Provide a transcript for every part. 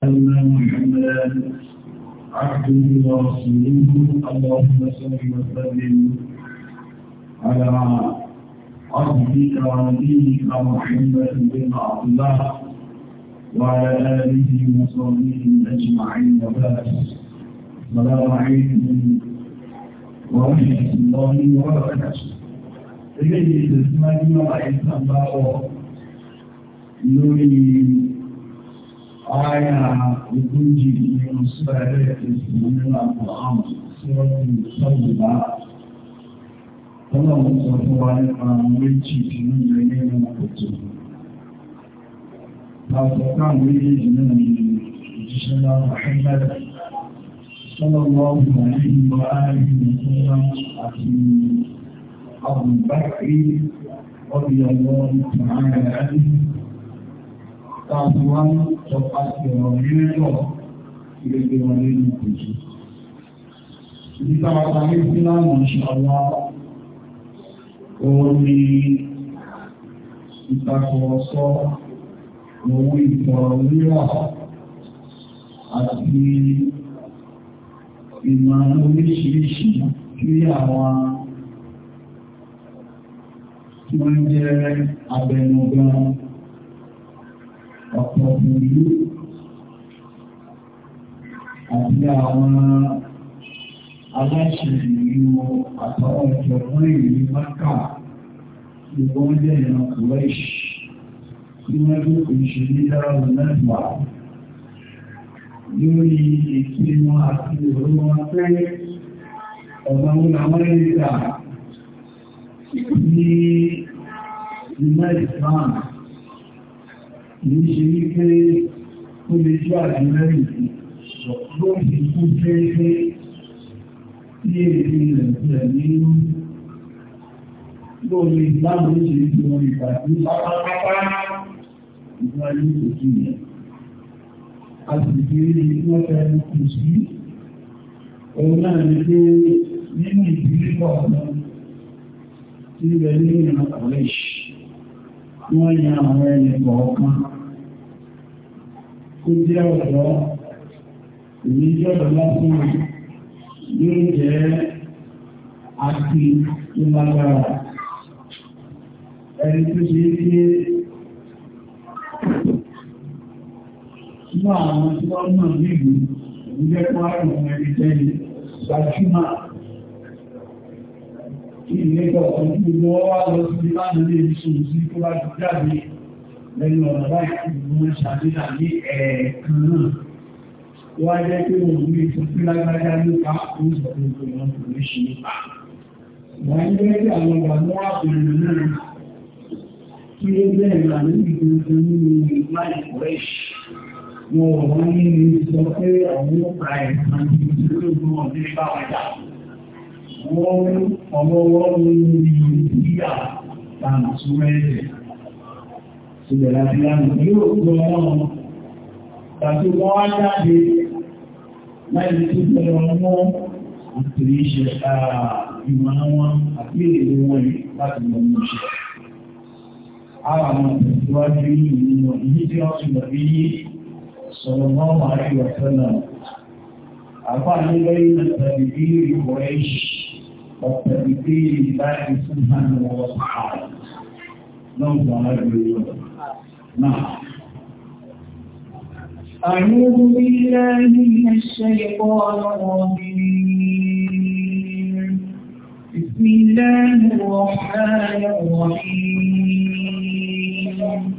أن محمدا عبده ورسوله اللهم صل وسلم على عبدك ونبيك محمد بن عبد الله وعلى آله وصحبه أجمعين وبارك السلام عليكم ورحمة الله وبركاته إليه تسمعني وإنسان لوري aya ìgbójì nínú sọ́rẹ́ èsì nínú àpòhàn sí ọdún sọ́yìnbá ọlọ́run sọ fún wa nípa méjì nínú ilẹ̀ nínú ètò pàtàkì táàbí wá ń sọ pàtàkì ọ̀rọ̀ nílẹ̀ ìgbẹ̀gbẹ̀ wọn nínú ìpèsè. Ibi táwọn àtàrí sí láàmù ìṣàlá òun ni ìtàkùrọ̀sọ òun ìfọ̀rọ̀wérà àti ìmọ̀ oríṣiríṣi kí àwọn tí wọ́n jẹ́ abẹnugan ọ̀pọ̀ ìlú àti àwọn aláṣẹ ìlú àtàwọn ìjọba ìlú mẹ́ta gbogbo wọn jẹ́ ìran kùrẹ́ṣì tí wọ́n tó kò ṣe ní dára mẹ́fà lórí ètò wọn àti ìrọ̀lú pé ọ̀nà wọn àwọn ẹ̀ríkà ní ìmọ̀ ìsìláàmù yìí ṣe ní pé ó lè jẹ́ àdínlẹ́rìn ló fi kú fẹ́ẹ́fẹ́ ní èdè ilẹ̀ ní lórí ìgbàmù ṣe ní orí ìgbàmù pátápátá ìgbàmù òkú a sì gbé ní kù sí òun náà ní pé nínú ìdílé pọ̀ náà tí ní ìrìnà kọ̀lẹ́ṣì wọ́n yan àwọn ẹni kọ̀ọ̀kan kó jẹ́ ọ̀dọ́ ìní jọ́dọ̀ lásán yóò jẹ́ àti ìlágbára ẹni tó ṣe é pé inú àwọn tí wọ́n mọ̀ nílùú ìgbẹ́ fún àrùn ẹni tẹ́lẹ̀ gbajúmọ̀ kí ìlẹ́gbọ̀n tó gbogbo wọ́n wá lọ sí láti lè ṣe òsì tó bá ti jáde lẹ́yìn ọ̀rọ̀ báyìí mú ṣàdídà ní ẹ̀ẹ̀kan náà wọ́n jẹ́ pé wọ́n mú ìfún sí lágbájá nípa oúnjẹ tó ń pè wọ́n kò ní ṣe nípa wọ́n ń gbé àwọn ọgbà mọ́ àpòrò náà kí ó bẹ́ẹ̀ rà níbi gbogbo nínú ìgbà ìfọ́ẹ̀ṣì wọn ò wọ́n ní ní sọ pé àwọn ọ̀pá ẹ̀sán ti ti lóògùn ọ̀dẹ́ bá wọn dà wọ́n ọmọ wọn ní ìyá tàǹtù ìbẹ̀rẹ̀ àti lánàá yóò gbọ́ wọn tàbí wọ́n wá jáde láì tó bẹ̀rẹ̀ ọmọ àtìrí iṣẹ́ ìmọ̀ wọn àti èrè wọn láti mọ̀ ní iṣẹ́. Àwọn àwọn àtẹ̀síwájú nínú ìyí tí wọ́n ti lọ bí sọ̀rọ̀ mọ́ máa rí ọ̀fẹ́ náà. Àpá nílẹ̀ ìlú tàbí bí ìwọ̀ ẹ̀ṣì ọ̀tẹ̀bí bí ìbáyé fún àwọn ọ̀sán. نعم،, نعم أعوذ بالله من الشيطان الرجيم بسم الله الرحمن الرحيم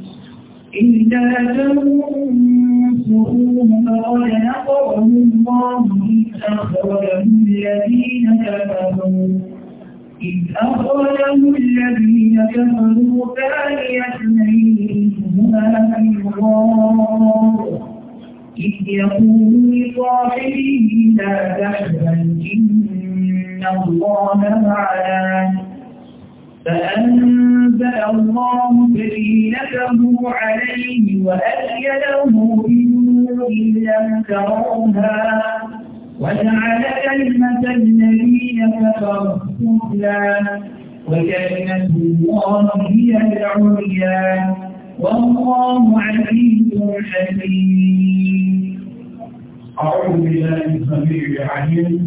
إلا تنصروه فقد نقره الله إذ أخرجه الذين كفروا إذ أخرجه الذين كفروا ثاني اثنين هما في الغار إذ يقول لصاحبه لا تحزن إن الله معنا فأنزل الله سكينته عليه وأيده بجنود لم تروها وجعل كلمة الذين كفروا السفلى وكلمة الله هي العليا والله عزيز حكيم أعوذ بالله السميع العليم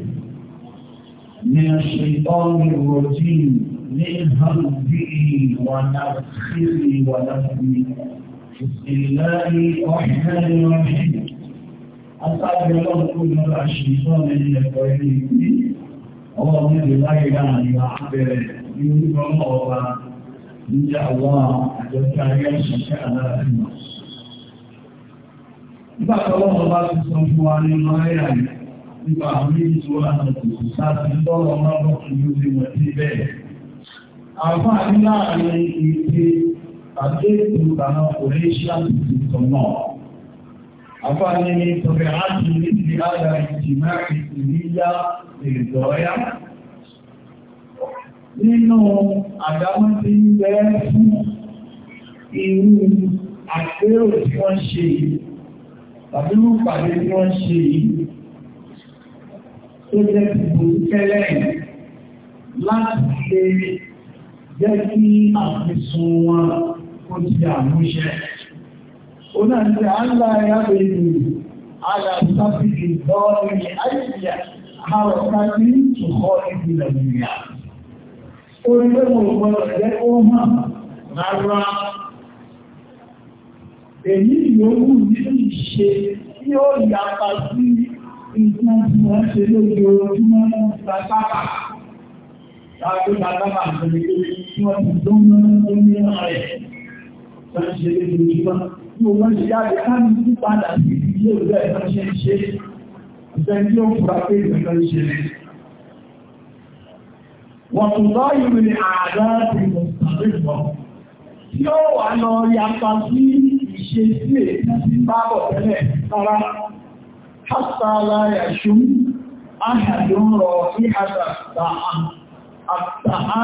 من الشيطان الرجيم من همزه ونفخه ونفخه بسم الله الرحمن الرحيم Àtàrí ọlọ́run tó ní ọlá ṣe sọ́nà ẹni ẹ̀kọ́ ẹni ìpín, ọwọ́ mẹ́rin láyé láàrin àbẹ̀rẹ̀ ní orúkọ ọmọ ọba níjà wọ́n àjọta ayé ṣiṣẹ́ aláàrin. Nígbà tọ́lọ́run bá ti sọ fún wa nínú ayé àyè nípa àwọn méjì tó wà náà kò sí láti lọ́rọ̀ ọlọ́run tó ní ó ti wọ̀ sí bẹ́ẹ̀. Àwọn àdínláàrin ìpè àdéhùn àwọn kò ní ṣáàtì tuntun náà. أفعلني طبيعات مثل هذا الاجتماع السنية للزوايا nínú àdámọ́ tí ń bẹ́ẹ̀ fún irú àpérò tí wọ́n ṣe yìí tàbí rú pàdé tí wọ́n ṣe yìí tó jẹ́ ti bò kẹ́lẹ̀ Oná ti àńlá ìyáwó ìlú alàtàbíkì lọ́rin àìsíyà àwọn káàkiri ìtùkọ́ ìlú Nàìjíríà. Orí pé mo gbọ́dọ̀ jẹ́ ó hàn rárá. Èyí yòówù nínú ìṣe tí ó yàtọ̀ sí nǹkan tí wọ́n ṣe lójoojúmọ́ ní Sàkábà. Láti ṣe lè tó tí tí o wọ́n ṣe yáre káàmì tí padà sí ilé ìwé ẹ̀nà ṣe ń ṣe ìṣẹ́ tí ó fura pé ìrìnà ṣe lè wọ́n tó lọ ìwé ni ààrẹ ti mọ̀ tàbí mọ̀ tí ó wà lọ yapa sí ìṣe sí èyí tí bá bọ̀ tẹ́lẹ̀ rárá hásàlá ẹ̀ṣù áhàdùn rọ ìhàdà àtàá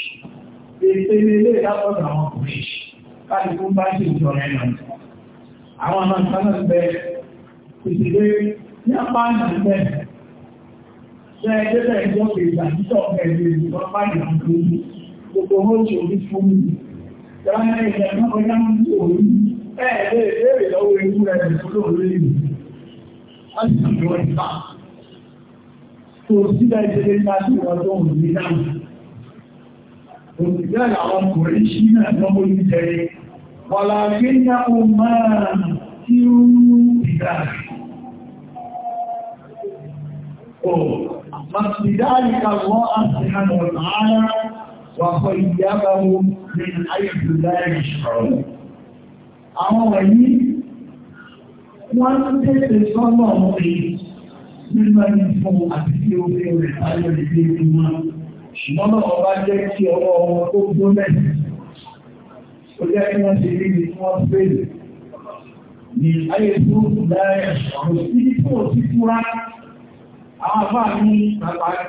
Ètè ilé látọ̀dọ̀ àwọn ọkùnrin láti fún bá ṣe ìjọ rẹ̀ nà. Àwọn ọmọ ìsánà ń bẹ ìṣèlé ní apá ìjìnlẹ̀. Ṣé ẹgbẹ́ bẹ̀rẹ̀ jọ pé ìgbàjíṣọ́ ẹgbẹ́ ìjọba bá yà ń tó ní gbogbo oúnjẹ orí fún mi. Ìjọba ẹgbẹ́ náà kọjá ń tó orí. Ẹ̀ẹ́dẹ́ ìbéèrè lọ́wọ́ ewu rẹ̀ lọ́wọ́ lórí mi. Wọ́n ti sọ̀rọ̀ ìta. Kò síbẹ̀ ìṣẹ̀lẹ̀ ìta sí ìwọ̀n tó ń rí náà òtìgbẹ́ àwọn ọkùnrin sí náà lọ́mọ ìjẹrẹ wọ́la gbé yàwó máa tí ó mú ìdá ò màtìdáàrí kàwọ́ àti àwọn ààrá wàkọ̀ ìyábáwó ní ayébùdáàrí ṣọ̀rọ̀ àwọn wọ̀nyí wọ́n tẹ́lẹ̀ sọ́nà ọmọ ṣùgbọ́n náà wọ́n bá jẹ́ kí ọwọ́ wọn tó gbólẹ̀ ó jẹ́ kí wọ́n ti rí ní wọ́n bèèrè ní ayé tó lẹ́rẹ̀ ọ̀rọ̀ sí fún òsì fúnra àwọn afá ní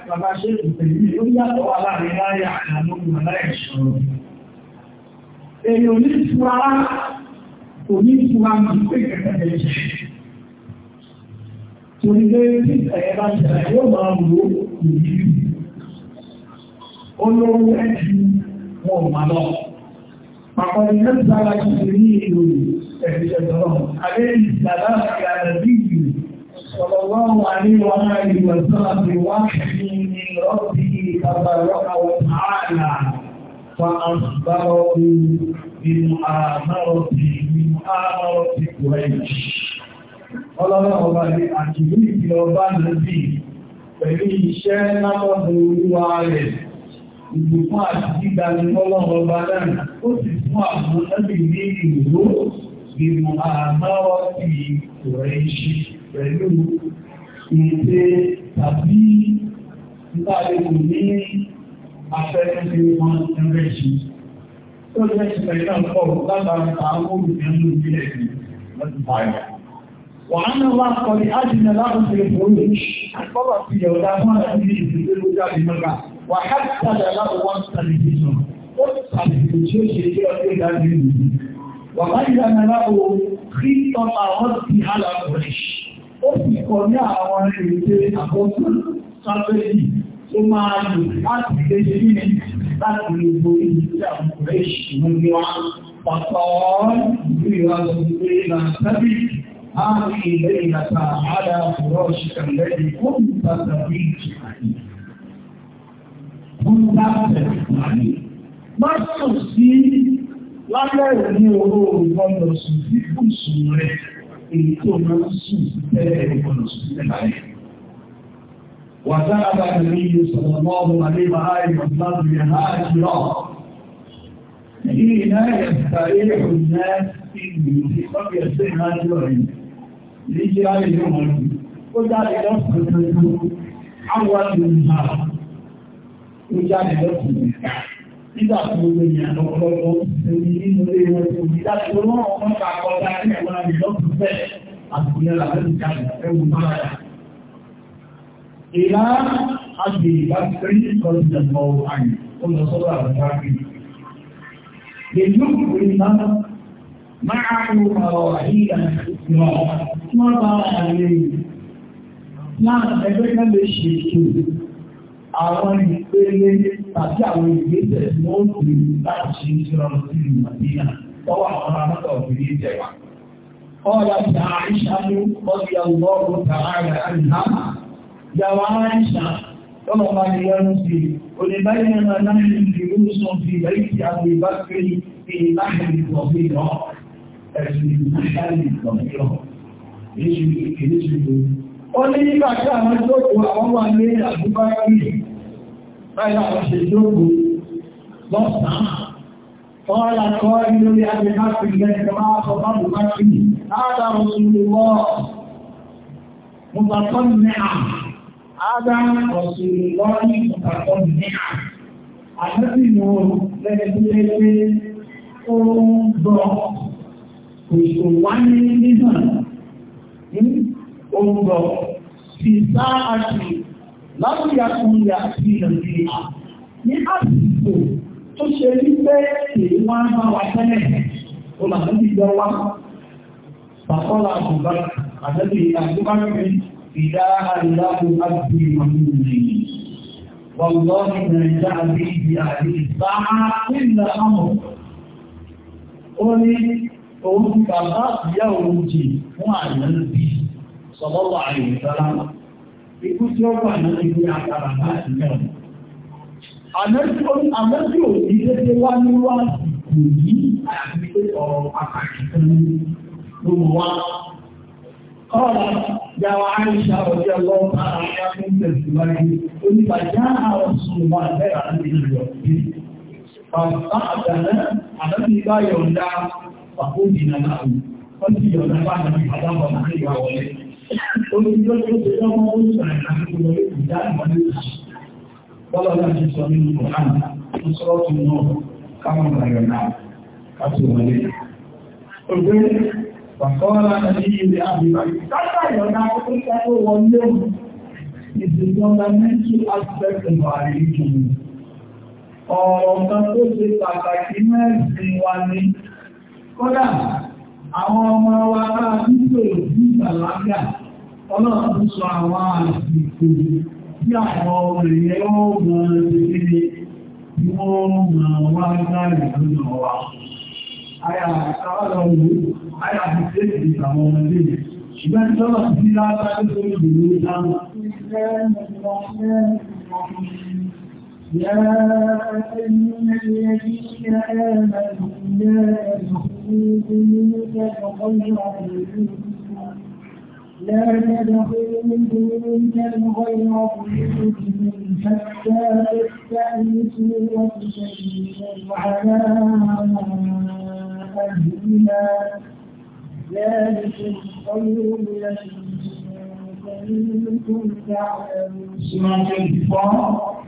bàbá ṣe ìpèsè ó yàtọ̀ wà láàrin láyà àwọn olùmọ̀láyẹ̀ṣọ̀rọ̀ èèyàn ní fúra kò ní fúra ní pé kẹ̀kẹ́ Torí lé ní ẹ̀yẹ́ bá ṣẹlẹ̀ yóò máa wò ó ìlú olóòwò ẹ̀jì wọn mà lọ. Àkọni mẹ́sàrá ti ṣe ní ìlú ẹ̀fẹ́ṣẹ̀tọ́rọ̀. Adé ìsàlá ìyàrẹ̀bí ìlú, sọ̀rọ̀lọ́wọ́ àríwá ìwọ̀sán ti wá ní ìrọ́bí ìkàbàrọ́kà wọn ààlà. فأخبره بمؤامرة بمؤامرة قريش ọlọ́rọ̀ ọba ní àkìlú ìpínlẹ̀ ọba nàbí pẹ̀lú iṣẹ́ lábọ́dọ̀ olúwa rẹ̀ ìgbòkún àti ìgbàlẹ̀ mọ́lọ́rọ̀ bá dáàrùn ó sì fún àwọn ọ̀nàbì ní ìlú ìmọ̀ àmáwọ̀ ti rẹ̀ ṣe pẹ̀lú ìpè tàbí ìbálẹ̀kù ní afẹ́fẹ́ wọn rẹ̀ ṣe. Tó jẹ́ ìpẹ̀lú ọ̀pọ̀ lábàá àwọn olùdíẹ̀mú ìbílẹ̀ sí lọ́dún báyìí. وعن الله قد أجن لهم في الخروج أخبرت في يوم أن في الخروج من مكة wàhálà lẹ́láwọ̀ wọn sàlìfìsàn ó sàlìfì tí ó ṣe jẹ́ ọdún ìdájú ìlú wàhálà lẹ́láwọ̀ kí tọ́ta wọn ti hálà kùrẹ́ṣ ó sì kọ ní àwọn èrè àkọ́kọ́ sábẹ́lì tó máa lò láti lè ṣe ní láti lè bo ìlú tí àwọn kùrẹ́ṣ mú ní wá pàtó ìlú ìwádọ̀ ìgbé búrúdá bẹ̀rẹ̀ láyé. Má sùn sí lálẹ́ òní oró ìgbọ́nà sùn sí kùsùn rẹ̀ èyí tó máa ń sùn sí tẹ́lẹ̀ ìgbọ́nà sùn sí láyé. وذهب النبي صلى الله عليه وآله وسلم يهاجرا حين يستريح الناس في البيوت قد يصير هاجرا لجيرانهم ó jáde lọ́sọ̀tọ̀tọ̀ àwọn ìrìnà tó jáde lọ́sùn nígbà tí ó lè yàn lọ́pọ̀lọpọ̀ lórí nínú ilé wọn tó ní láti ọmọ ọmọ ọmọ àkọta ní àwọn àmì lọ́sùn bẹ́ẹ̀ àtìyàn làbẹ́sì jáde ẹwù mára. Ìlà agbègbè bá ti rí ìkọlù ìjọba àyè ó lọ sọ́dọ̀ àwọn ìbáraẹni. Èyí ó kò ní bá máa ń rọ àyíká ìrọ̀ tí wọ́n bá àyè láàrín ẹgbẹ́ kan lè ṣe ètò àwọn ìpele tàbí àwọn ìgbésẹ̀ tí wọ́n ń pè láti ṣe ń ṣe rọrùn sí ìlú Màdínà lọ́wọ́ àwọn amọ́ta òbí ìjẹwà. Ọ̀la ti àìṣà ní ọdí ọgbọ́rún tààrà àìhá. Yàwó àìṣà lọ́nà bá ní yẹnu sí oníbáyé náà láti ìlú sùn sí lẹ́yìn àwọn ìbáṣe ní láti ìgbọ̀gbìn ó ní nígbà tí àwọn jókòó àwọn wà ní àbúbákì báyìí àwọn ṣe jókòó lọ́sàn-án قال قائل لأبي حق الله كما خطب بكر هذا رسول الله متطلعا هذا رسول الله متطلعا àtẹ́sì mú lẹ́gbẹ̀ẹ́ tí ó ṣe ó ń gbọ́ kò wá ní nígbà oúnjọ sí sáàtì láti àkúnlẹ̀ àti ìrìnà ní àsìkò tó ṣe rí pé èyí wọ́n bá wà tẹ́lẹ̀ tó là ní ìjọ wá pàtọ́lá àbúgbà àtẹ́lẹ̀ àbúgbàmí ìdá àìláàbò àti ìrìnà والله ما جاء به بهذه الساعة إلا أمر ó ní òun bàbá ìyá òun jì fún àyàn bíi sọlọ́wọ́ àìsọ́lá ikú tí ó wà ní ibi àkàrà láti mẹ́rin. Àmẹ́sí ò ní dédé wá ní wá ìkò yìí àti pé ọ̀rọ̀ pàtàkì kan ló wá. Kọ́ọ̀lá yàwó Àìṣà ọ̀dí ọlọ́run ara ẹ̀yà fún tẹ̀síwájú. Oníbàjá àwọn sùn wà lẹ́yà ní ìlú ọ̀dí. Bàbá àgbàlẹ́ àdọ́bí bá yọ̀ǹda àkójì náà Wọ́n ti yọ̀ǹda bá àdọ́bí bàbá bàbá wọlé olùdíjọ́ tó ṣe lọ́mọ ó sọ̀rọ̀ àti ìwọlé ìdá ìwọlé òṣì bọ́lá láti sọ nínú Quran tó sọ́rọ́ tó náà káwọn bàrẹ̀ náà káti wọlé ògbé pàkọ́ọ́lá ní ilé àbíbáyé fundamental aspect of our religion. Ọ̀rọ̀ kan tó ṣe pàtàkì mẹ́rin wa ni, kódà àwọn ọmọ wa náà nílò ní ìgbàlágà ọlọ́run sọ àwọn àsìkò tí àwọn ọmọ ẹ̀yẹ ó mọ̀ ṣe tí wọ́n mọ̀ wá láàrin lọ́nà wa. Aya àkàwàlọ́wò, aya àbúté ìgbàmọ́ ọmọdé. Ṣùgbọ́n tí lọ́nà sí látàrí tó ní ìlú dáná. يا أيها الذين آمنوا لا تخرجوا بيوتكم غير بيوتكم لا تدخلون غير بيوتهم حتى تستأنسوا وتسلموا على أهلها ذلكم خير لكم كنتم تعلمون سورة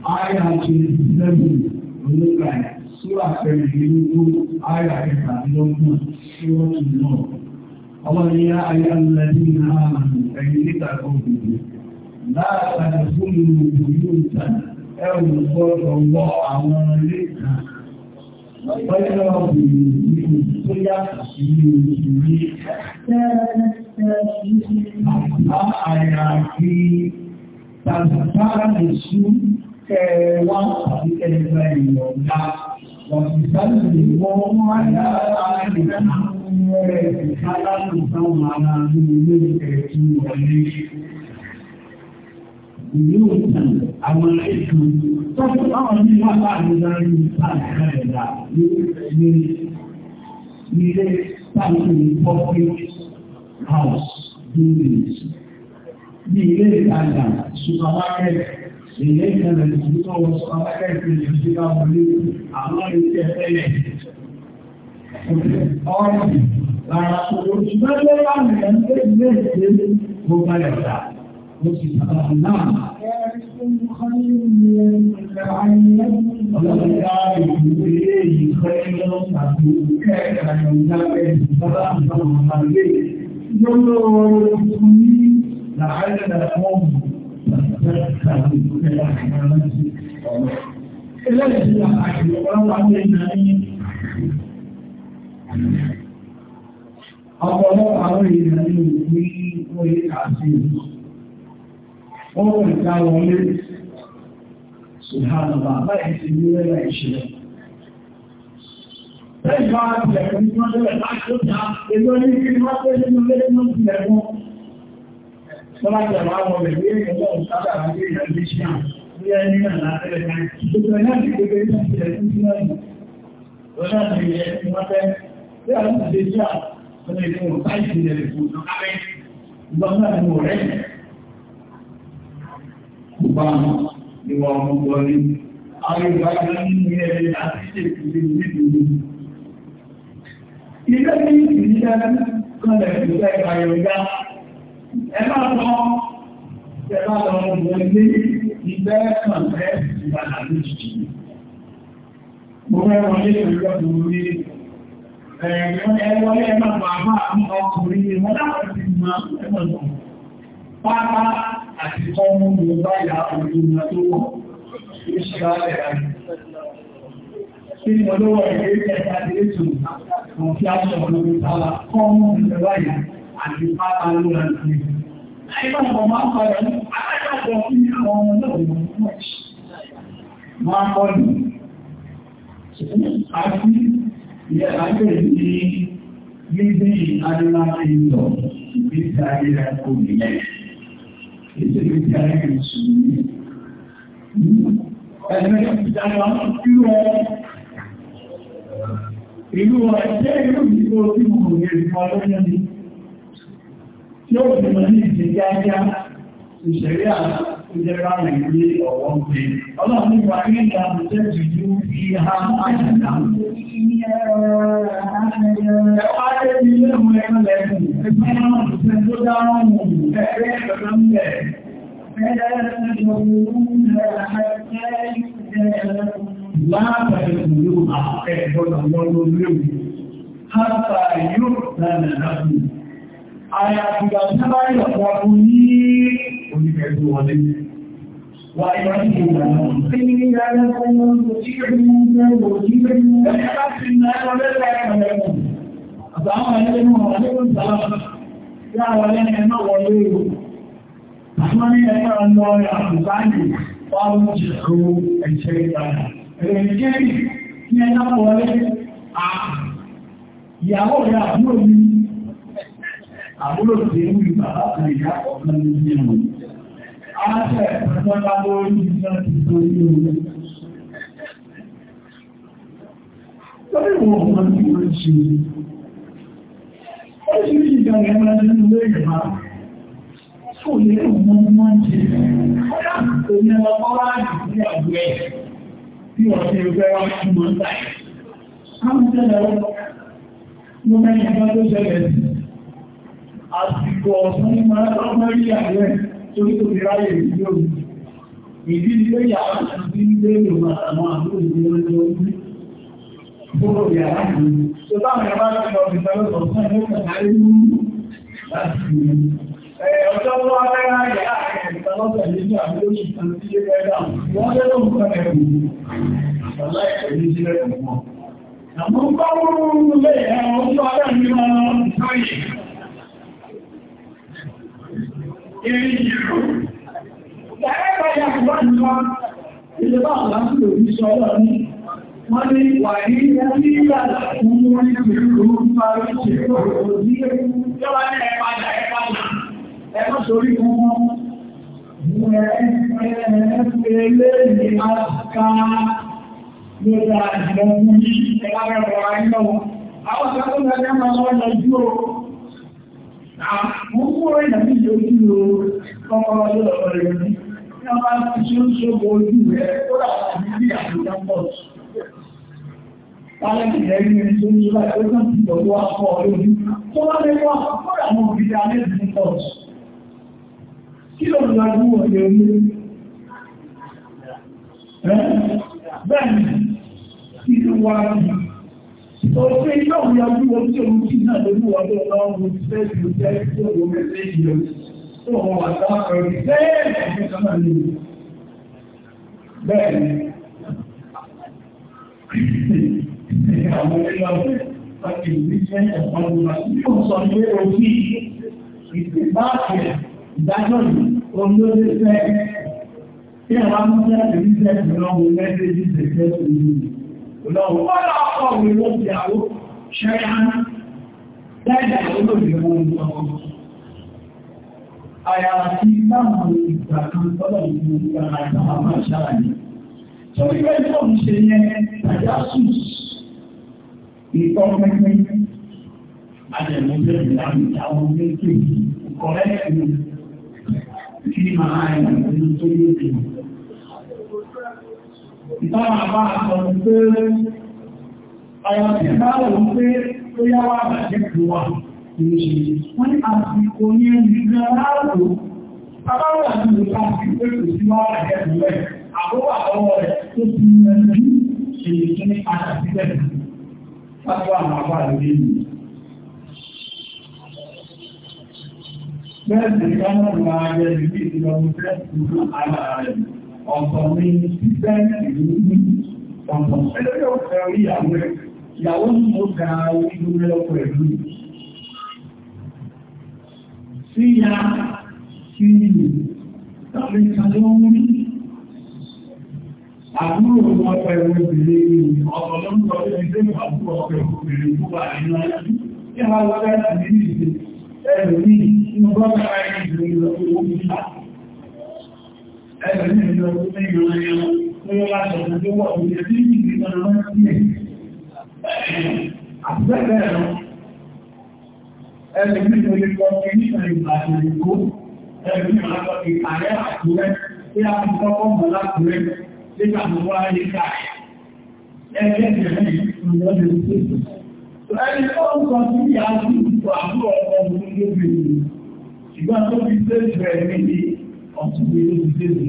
24 آية 27 Súra pẹ̀lú ìlú ayà ìgbàlógún sí ọdún náà ọlọ́run yá ayé alẹ́bí náà ẹ̀yìn níta òbí láàrín fún ìlú yóò tà ẹ̀rù gbọ́dọ̀ wọ àwọn ilé kan Ọjọ́ ọ̀gbìn ìlú tó yàtọ̀ sí ìlú ní àyàfi tàbátàrà lè ṣú kẹwàá àti kẹlẹ̀gbẹ̀ ìyọ̀nà. Wọ̀n ti sáré lè wọ́n wọ́n àyàrá àyàrá ẹ̀rẹ̀ ìfàlásùn táwọn ará ní ilé ẹ̀kí wọlé ìlú ìtàn àwọn ètò tọ́jú àwọn ní wà bá àrídárí ìpàdàkàrẹ̀dà ní ilé tàbí public house buildings ní ilé ìtajà supermarket ilé ìtajà ìtúntọ́ supermarket ìjọba wọlé àwọn ìtẹ́fẹ́lẹ̀ ọ̀rọ̀ lára òṣìṣẹ́ lọ́wọ́ àmì ẹ̀ ń pè ní èdè gbogbo ẹ̀dá. ذلكم خير لعلكم Eléyìí ti àkàkì ọ̀rọ̀ àwọn ènìyàn Ọpọlọ ìta wọlé ṣùgbọ́nàbà láì ti ní lẹ́lẹ̀ ìṣẹ̀lẹ̀. Lẹ́yìn bá tilẹ̀kùn wọ́n lẹ́lẹ̀ láti ó ta, èlò ní kí wọ́n pẹ́ pé àwọn ìpàdé ní àwọn ilé wọn báyìí ti lẹ̀lẹ̀ fún ọjọ́ káwẹ́ ìgbọ́nà ni mo rẹ̀ kò bá wọn ni wọn mú wọn ní àwọn ìbájú nínú ẹ̀rẹ́ àti ìṣèkúlé nílùú ilé ní ìdílé kọlẹ̀ ìgbẹ́ ìgbàyọ̀gá ẹ máa lọ ẹ máa lọ wọ ilé ìgbẹ́ kànfẹ́ ìgbàlá lójijì mo fẹ́ wọlé ìgbàlá lórí ẹ̀wọ̀lẹ́ ẹ̀mà bàbá ọkùnrin ni wọ́n láti ti máa ẹ̀mà lọ. Pápá àti ọmọ mi bá yà òní ma tó wọ̀ ìṣẹ́lẹ̀ àti. Kí ni olówó ẹ̀gbẹ́ ìjẹta ti ètò wọn fi aṣọ ọ̀nà ìtàlá kọ́mọ mi bá yà àti pápá ló rà sí. máa ń padà ní alájọ́ sí ọmọ náà wọ́n mọ̀ ṣe. Máa ń kọ́ ni. Àti ìyẹ́ àgbẹ̀ ní níbi adúlá ti lọ ìgbésí ayé rẹ̀ kò nílẹ̀. Èsì ìgbésí ayé rẹ̀ sùn ní. Ẹ̀sìn ìjàmbá tí wọ́n ìlú ọ̀ṣẹ́ ìlú ìgbó tí mo kò ní ìfọ́ lọ́yọ́ ni. Tí ó fi mọ̀ ní ìṣẹ̀lẹ̀ ajá ìṣẹ̀lẹ̀ àti jẹ́ káwọn ìwé ọ̀wọ́ ń pe. Ọlọ́run tí a bá yọ̀ wọ́n ní oníkẹ̀ẹ́gbọ́ wọlé. وإليه قيل لكم تطيعوا وتجيبوا فاحفظنا ولا يعلمون السلام عليكم وعليكم السلام يا ولنا ما وليه أحمد يا الله يا حساني قالوا تشكروا الشيطان الرجال ni ẹ̀nà wọlé ìyàwó rẹ̀ àbúrò ní àbúrò tí ó rí bàbá àìyá ọ̀pọ̀ ní ìyàwó Aṣẹ́ ìpàdọ́lá lórí ìjọ́ ti torí orí. Lórí ìwọ̀n kan tí ó ṣe. Ó ṣe ní ìjọba ẹgbẹ́ ilé ìwà. Fún ilé ìwọ̀n mọ́ jẹ. Ó yà ọmọ wá ní àgbẹ̀ tí ọ̀sẹ̀ ìgbẹ́ wá fún mọ́ táì. Àwọn ìṣẹ̀lẹ̀ mo mẹ́rin ìgbà tó ṣẹlẹ̀ sí. Àsìkò ọ̀sán ní máa lọ́gbọ́n rí àgbẹ̀ torí kò fi àti ilé ìlú àtàwọn àbúrò ìlú ọjọ́ orí. Gbogbo yàrá ìlú. Tó táwọn ẹ̀rọ bá ti lọ sí pẹ̀lú ọ̀sán ẹ̀rọ kàkàrí mú láti ìlú. Ọjọ́ tó wá fẹ́ ráyè yàrá ẹ̀ka lọ́sẹ̀ méjì àbí oṣù kan sí ilé ẹ̀dá. Wọ́n jẹ́ irí ìlú. Ẹgbẹ́ ya wọ́n ni wọ́n, ìjọba àlásì òbí sọ ọ̀rọ̀ ní, wọ́n ní wà ní ẹgbẹ́ ìgbàlá fún wọn ní ìlú parí ṣe ọ̀rọ̀ ní ẹgbẹ́ ní ẹ̀padà ẹ̀padà. Ẹgbẹ́ sórí wọn Ẹgbẹ́ ilé ni a ká lórí àjẹ́ ọmọ yìí, ẹgbẹ́ rẹ̀ wà nínú. Àwọn akẹ́kọ̀ọ́ Mo ń kó ẹ̀dà sí ìjọjú o, kọ́kọ́rọ́ lọ́wọ́ rẹ̀ ní. Ní ọba ti ṣe ń ṣogbó ojú rẹ̀, ó rà láti ní àjọjá pọ̀ jù. Tálẹ́kì lẹ́yìn ẹni tó ń ṣe láti ọjọ́ ti lọ́wọ́ akọ lójú. Tó bá lè wá, ó rà mọ́ òbí dá lẹ́sìn pọ̀ jù. Kí ló ń lọ sí òde omi? Bẹ́ẹ̀ni, kí ló wá ní Torí pé yóò rí ojú ojú ojú kí náà lórí wà lọ́wọ́ lọ́wọ́ mo ti fẹ́ ju jẹ́ tí ó wọ́n mẹ́sẹ̀ yìí lọ. Tó wọn wà sáwọn kan rí bẹ́ẹ̀ ẹ̀fẹ́ kan náà lè rí. Bẹ́ẹ̀ ni, àwọn ilé ọ̀fẹ́ láti ìlú jẹ́ ẹ̀fọn ìgbà tí yóò sọ pé ojú ìgbàgbọ́ ìdájọ́ yìí omi ó lè fẹ́. Bí àwọn amúnjẹ́ ìrísẹ́ ìrọ̀rùn mẹ́sẹ̀ yìí lọ́wọ́ wọ́n ọkọ̀ mi ló ti àwọ́ ṣẹ́yà lẹ́dà olóògbò ọmọ àyàfi láwọn ìgbà kan tọ́lọ̀ ìgbà àìsàn àmà ṣáàlì tó wípé tó ń ṣe yẹn tajasus ìtọ́pẹ́pẹ́ àjẹ̀mọ́jẹ́ ìlànà àwọn méjèèjì kọ̀rẹ́ẹ̀kì kí máa ẹ̀rọ tó yẹ ìtàwọn àbá àtọ̀rọ̀ pé ọ̀yọ̀tí ìbáwọ̀ pé tó yáwà àbàjẹ́ kìíwà ìrìnṣẹ́ wọ́n ni àsìkò ní ìrìnlẹ̀ aláàrò tàbáwà ní ìta sí pé kò sí wá àbàjẹ́ kìíwẹ̀ àbúwà rẹ̀ tó ti yanjú ìrìnṣẹ́ ní Bẹ́ẹ̀ni, ọmọ ìwà ayẹyẹ ìlú ìlú ọmọ fẹ́ ìlú àmà ọ̀pọ̀ mi síbẹ̀ ìlú ní ọ̀pọ̀ ẹgbẹ́ ọ̀fẹ́ orí ìyàwó rẹ̀ ìyàwó ní mo ga ojú rẹ̀ ọkọ̀ ìlú sí ya sí ìlú tàbí kàlẹ́ ọmọ ní àbúrò ọkọ̀ ìbìlẹ̀ ọ̀pọ̀ lọ́nkọ̀ ẹgbẹ́ àbúrò ọkọ̀ ìbìlẹ̀ tó wà nínú ayé kí ẹgbẹ̀rún ìlú ọdún tó yọ ẹran tó yọ láti ọdún tó wà ní ẹbí ìdí ọdún lọ sí ẹ̀ àtúgbẹ́gbẹ́ ẹ̀rọ ẹgbẹ̀rún ìlú ọdún tó yọ ní ìgbà ìgbò ẹgbẹ̀rún ìlú ọdún tó yọ ààrẹ àtúrẹ́ tí a ti kọ́kọ́ mọ̀ látúrẹ́ nígbà tó wá ní káàkiri ẹgbẹ̀rún ìlú ọdún tó yọ ẹni tó ń sọ sí ìyá àbúrò ọmọ ọmọ ọmọ ọmọ ọmọ ọmọ ọmọ ọ̀tún ní ìlú ìdèdè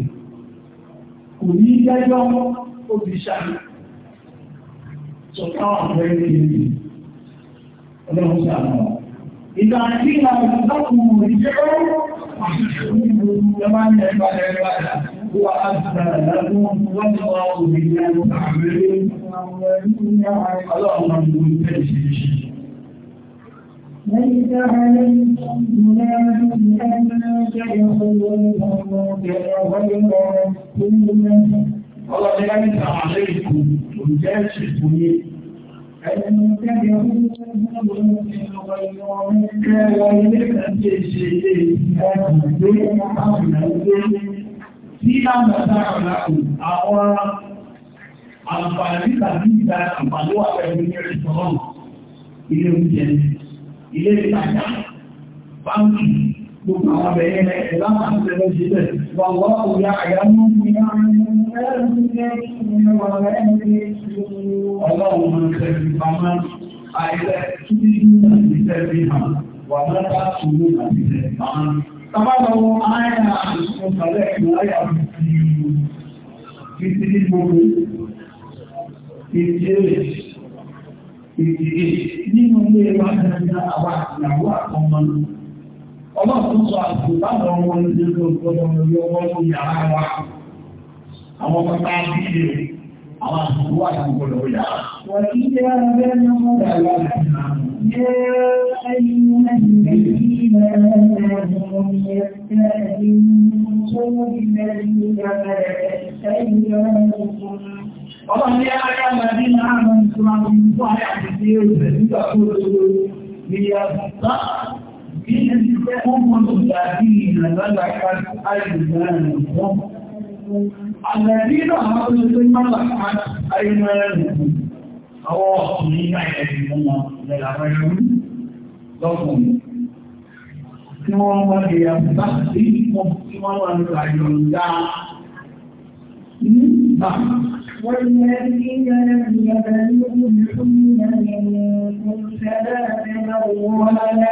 kò ní yẹ́yọ́ ó ti ṣáà sọ̀tà ọ̀rẹ́ ìlú ọlọ́run sàmọ́ ìgbà tí àwọn ìdákùnrin jẹ́ Ọlọ́run ọdún ìgbẹ́ ìṣẹ́ṣẹ́. ليس عليكم جناح أن تدخلوه غير مسكونة والله ليس عليكم وجاشف أن تدخلوه غير مسكونة ويلك تشيء أهدي محمد Tí a mọ̀ sára láàrù àwọn àǹfààní tàbí ìgbà àǹfààní wà pẹ̀lú ní ẹ̀sọ́rọ̀ ilé oúnjẹ ni ilé ìtajà báńkì gbogbo àwọn abẹ̀yẹ rẹ̀ láti ṣẹlẹ̀ sílẹ̀ wà lọ́wọ́ ìyá àyá ní ọlọ́run mọ̀ tẹ̀lé pamọ́ àìlẹ̀ tí bí i náà ti tẹ̀lé hàn wà lọ́ta ṣòro àti tẹ̀lé pamọ́ Tàbátọ̀wọ́ ààrẹ àìsàn ìpàlẹ̀ ìwáyà ti ti gbogbo ìdí èrè nínú ilé wa dáadáa àwa ìyàwó àkọ́mọ́ ọlọ́run sọ àti báwọn ọmọ ìdílé ọgbọ́dọ̀ lórí ọwọ́ ló yàrá wa àwọn bàbá bíi àwọn àbúrò àdúgbò ló yàrá. wọ́n ti jẹ́ abẹ́ ní ọmọdé aláàbí náà. يا أيها الذين آمنوا يستأذنكم الذين ملكت أيمانكم Ọlọ́run ní ayá màdí náà mọ̀ ìṣúra ọmọ fún ayá àti sí èrè nígbà tó lórí ìyá bùtá. Bí i ti fẹ́ wọ́n mọ̀ tó dàbí ìrìnàlọ́gbà àìsàn wọn. Àgbàdí náà máa ń lè máa làkà àìmọ̀ ẹ̀rù. Àwọn ọkùnrin náà ẹ̀rù wọn lẹ́la rẹ̀ lọ́kùnrin. Tí wọ́n wọ́n lè yàtọ̀ láti ìpọ̀ tí wọ́n wà ní àyọ̀ǹda. Nígbà والذين لم يبلغوا الحلم منكم ثلاث مرات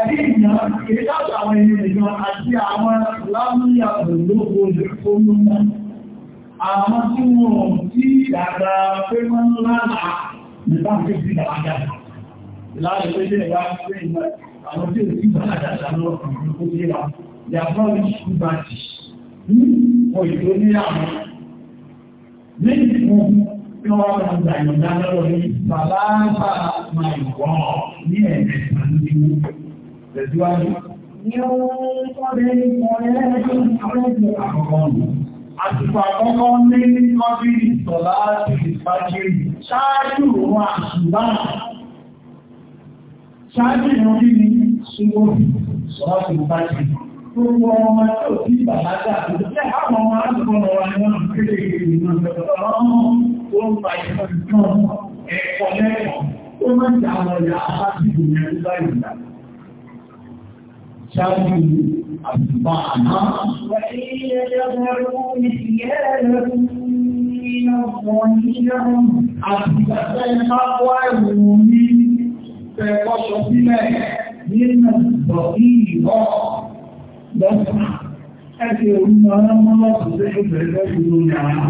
Ìjọba àwọn ènìyàn àti àwọn lámúyà olóko olùkómúná, àwọn tí wọ́n tí dàgbà pé wọ́n lánàá nípa pé sí dàgbà. Láàrín pé jẹ́ ìwá pé ìmọ̀ àwọn tí ó sí bàdà lọ́wọ́ ọ̀pọ̀ ìgbókó jẹ́ wà, yàgbọ́n ìṣúgbàjì ní ọ̀ìtò ní àwọn méjì fún kí wọ́n wá máa gbà ìyọ̀dá lọ́wọ́ ní bàbá bá máa wọ̀ ní ẹ̀ẹ́dẹ̀ta ní tẹ̀síwájú. Àtùpà àkọ́kọ́ ní kọ́bí ìsọ̀lá àti ìpàkiri ṣáájú wọn àṣùgbà. Ṣáájú ìrọ̀ bí ní ṣúgbọ́n sọ́lá ti ìpàkiri gbogbo ọmọ tó sí bàbájá àtúnṣẹ́ àwọn ọmọ aláàbọ̀nà wa ni wọ́n kéde ìrìn tó ń fa ìfẹ́ ẹ̀kọ́ lẹ́kọ̀ọ́ tó máa ń dáwọn ọjà aláàbìbò yẹn tó bá ìgbà. Ṣáàbù àbùbá àná. Wà ní ilé ẹgbẹ̀rún ìfìyẹ́ rẹ̀ nínú ọ̀pọ̀ nílẹ̀ àbùbá tẹ́ bá wá ìrùn ní fẹ́ kọ́ṣọ sílẹ̀ nínú ìgbọ̀ lọ́sàn ọmọ ní wọ́n ní ọmọ ọdún mẹ́fà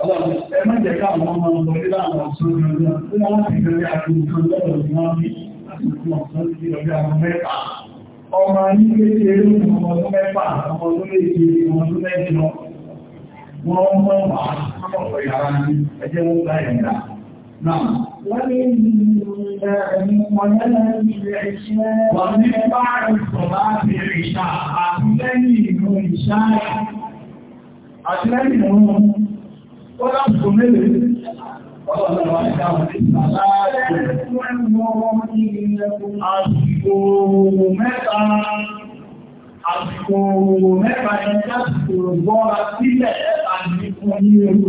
ọmọ ọdún méje ọmọ ọdún mẹ́jọ wọ́n mọ́ wà á sọ́kọ̀ yàrá ní ẹjẹ́ wọn gbá ẹ̀dá náà Wọ́n ní bá ìsọ̀ láti ìṣà àti lẹ́yìn ìlú ìṣà àti mẹ́ta. Àsìkò mẹ́ta bọ́ra sílẹ̀ àti fún ní ẹrù.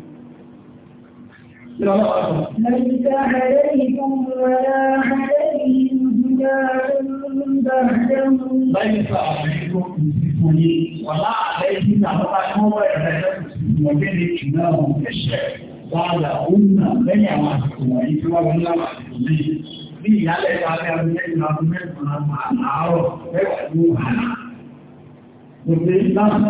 ليس عليكم ولا عليهم جناح ليس عليكم ولا عليهم أحكام وكذلك جناح الشيء قال أمنا لن يعملكم ولا معكم bí ìyálẹ̀ ìta ní ọdún mẹ́rin ọdún mẹ́rin ọdún àárọ̀ mẹ́wàá ní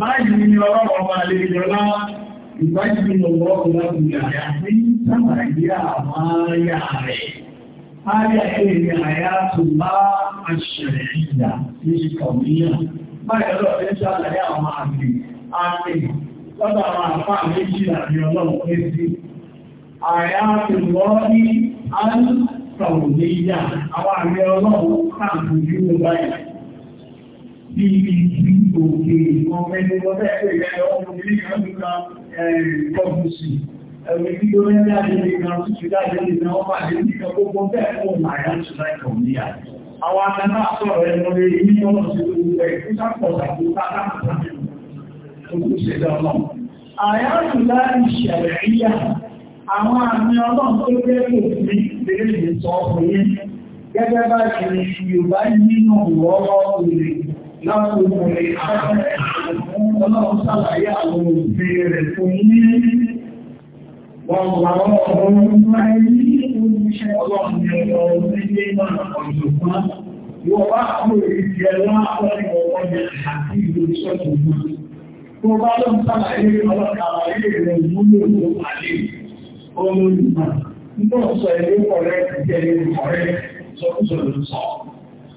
báyìí ni ọlọ́pọ̀ máa lè jọlá ìgbájúbí ọlọ́pọ̀ láti yàrá sí sàmàrí àwọn ayá rẹ̀. Ayá èrè àyá tó bá aṣẹ̀rẹ̀ ìyà ní ìkọ̀míyà. Báyìí ọlọ́pẹ́ sàlàyé àwọn àmì àmì lọ́dọ̀ àwọn àpá méjì àti ọlọ́pẹ́ sí. Àyá tó lọ́ bí ibi tí òkè ọ̀fẹ́ni ọ̀fẹ́ ẹgbẹ̀rẹ̀ ọmọ orílẹ̀ ọdúnká ẹ̀rìnkọ́bùsì ẹ̀rìn tí ó rẹ̀ láti lè kan tó ṣe láti lè kan ọmọ àdébí kan tó gbọ́n bẹ́ẹ̀ fún àyà ń ṣe láì kọ̀ ní àyà àwọn akẹ́kọ̀ọ́ àtọ̀rọ̀ ẹnu lè ní ọ̀nà sí gbogbo ẹ̀ tó sàpọ̀ sàpọ̀ sàpọ̀ sàpọ̀ àyà ń láì ṣẹ̀rẹ̀ yíyà àwọn àmì ọlọ́run tó jẹ́ kò ní ìbéèrè sọ ọkùnrin gẹ́gẹ́ láwọn ọ̀rẹ́ àwọn ọlọ́run sàlàyé àwọn òfin rẹ̀ fún ní wọ́n wọ́n ọ̀rọ̀ láì ní oníṣẹ́ ọlọ́run ní ọ̀rọ̀ nílé náà ọ̀dọ̀gbọ́n yóò wá àwọn èdè ẹ̀lá ọ̀rẹ́ ọ̀rẹ́ àti ìlú ìṣọ́gbọ̀n tó bá lọ́n sàlàyé ọlọ́kàlàyé rẹ̀ múlò tó pàdé ọmọ ìgbà nígbà sọ ẹ̀lẹ́ ọ̀rẹ́ ìjẹ́ ọ̀rẹ́ sọ́kúsọ̀rọ̀ sọ́ọ̀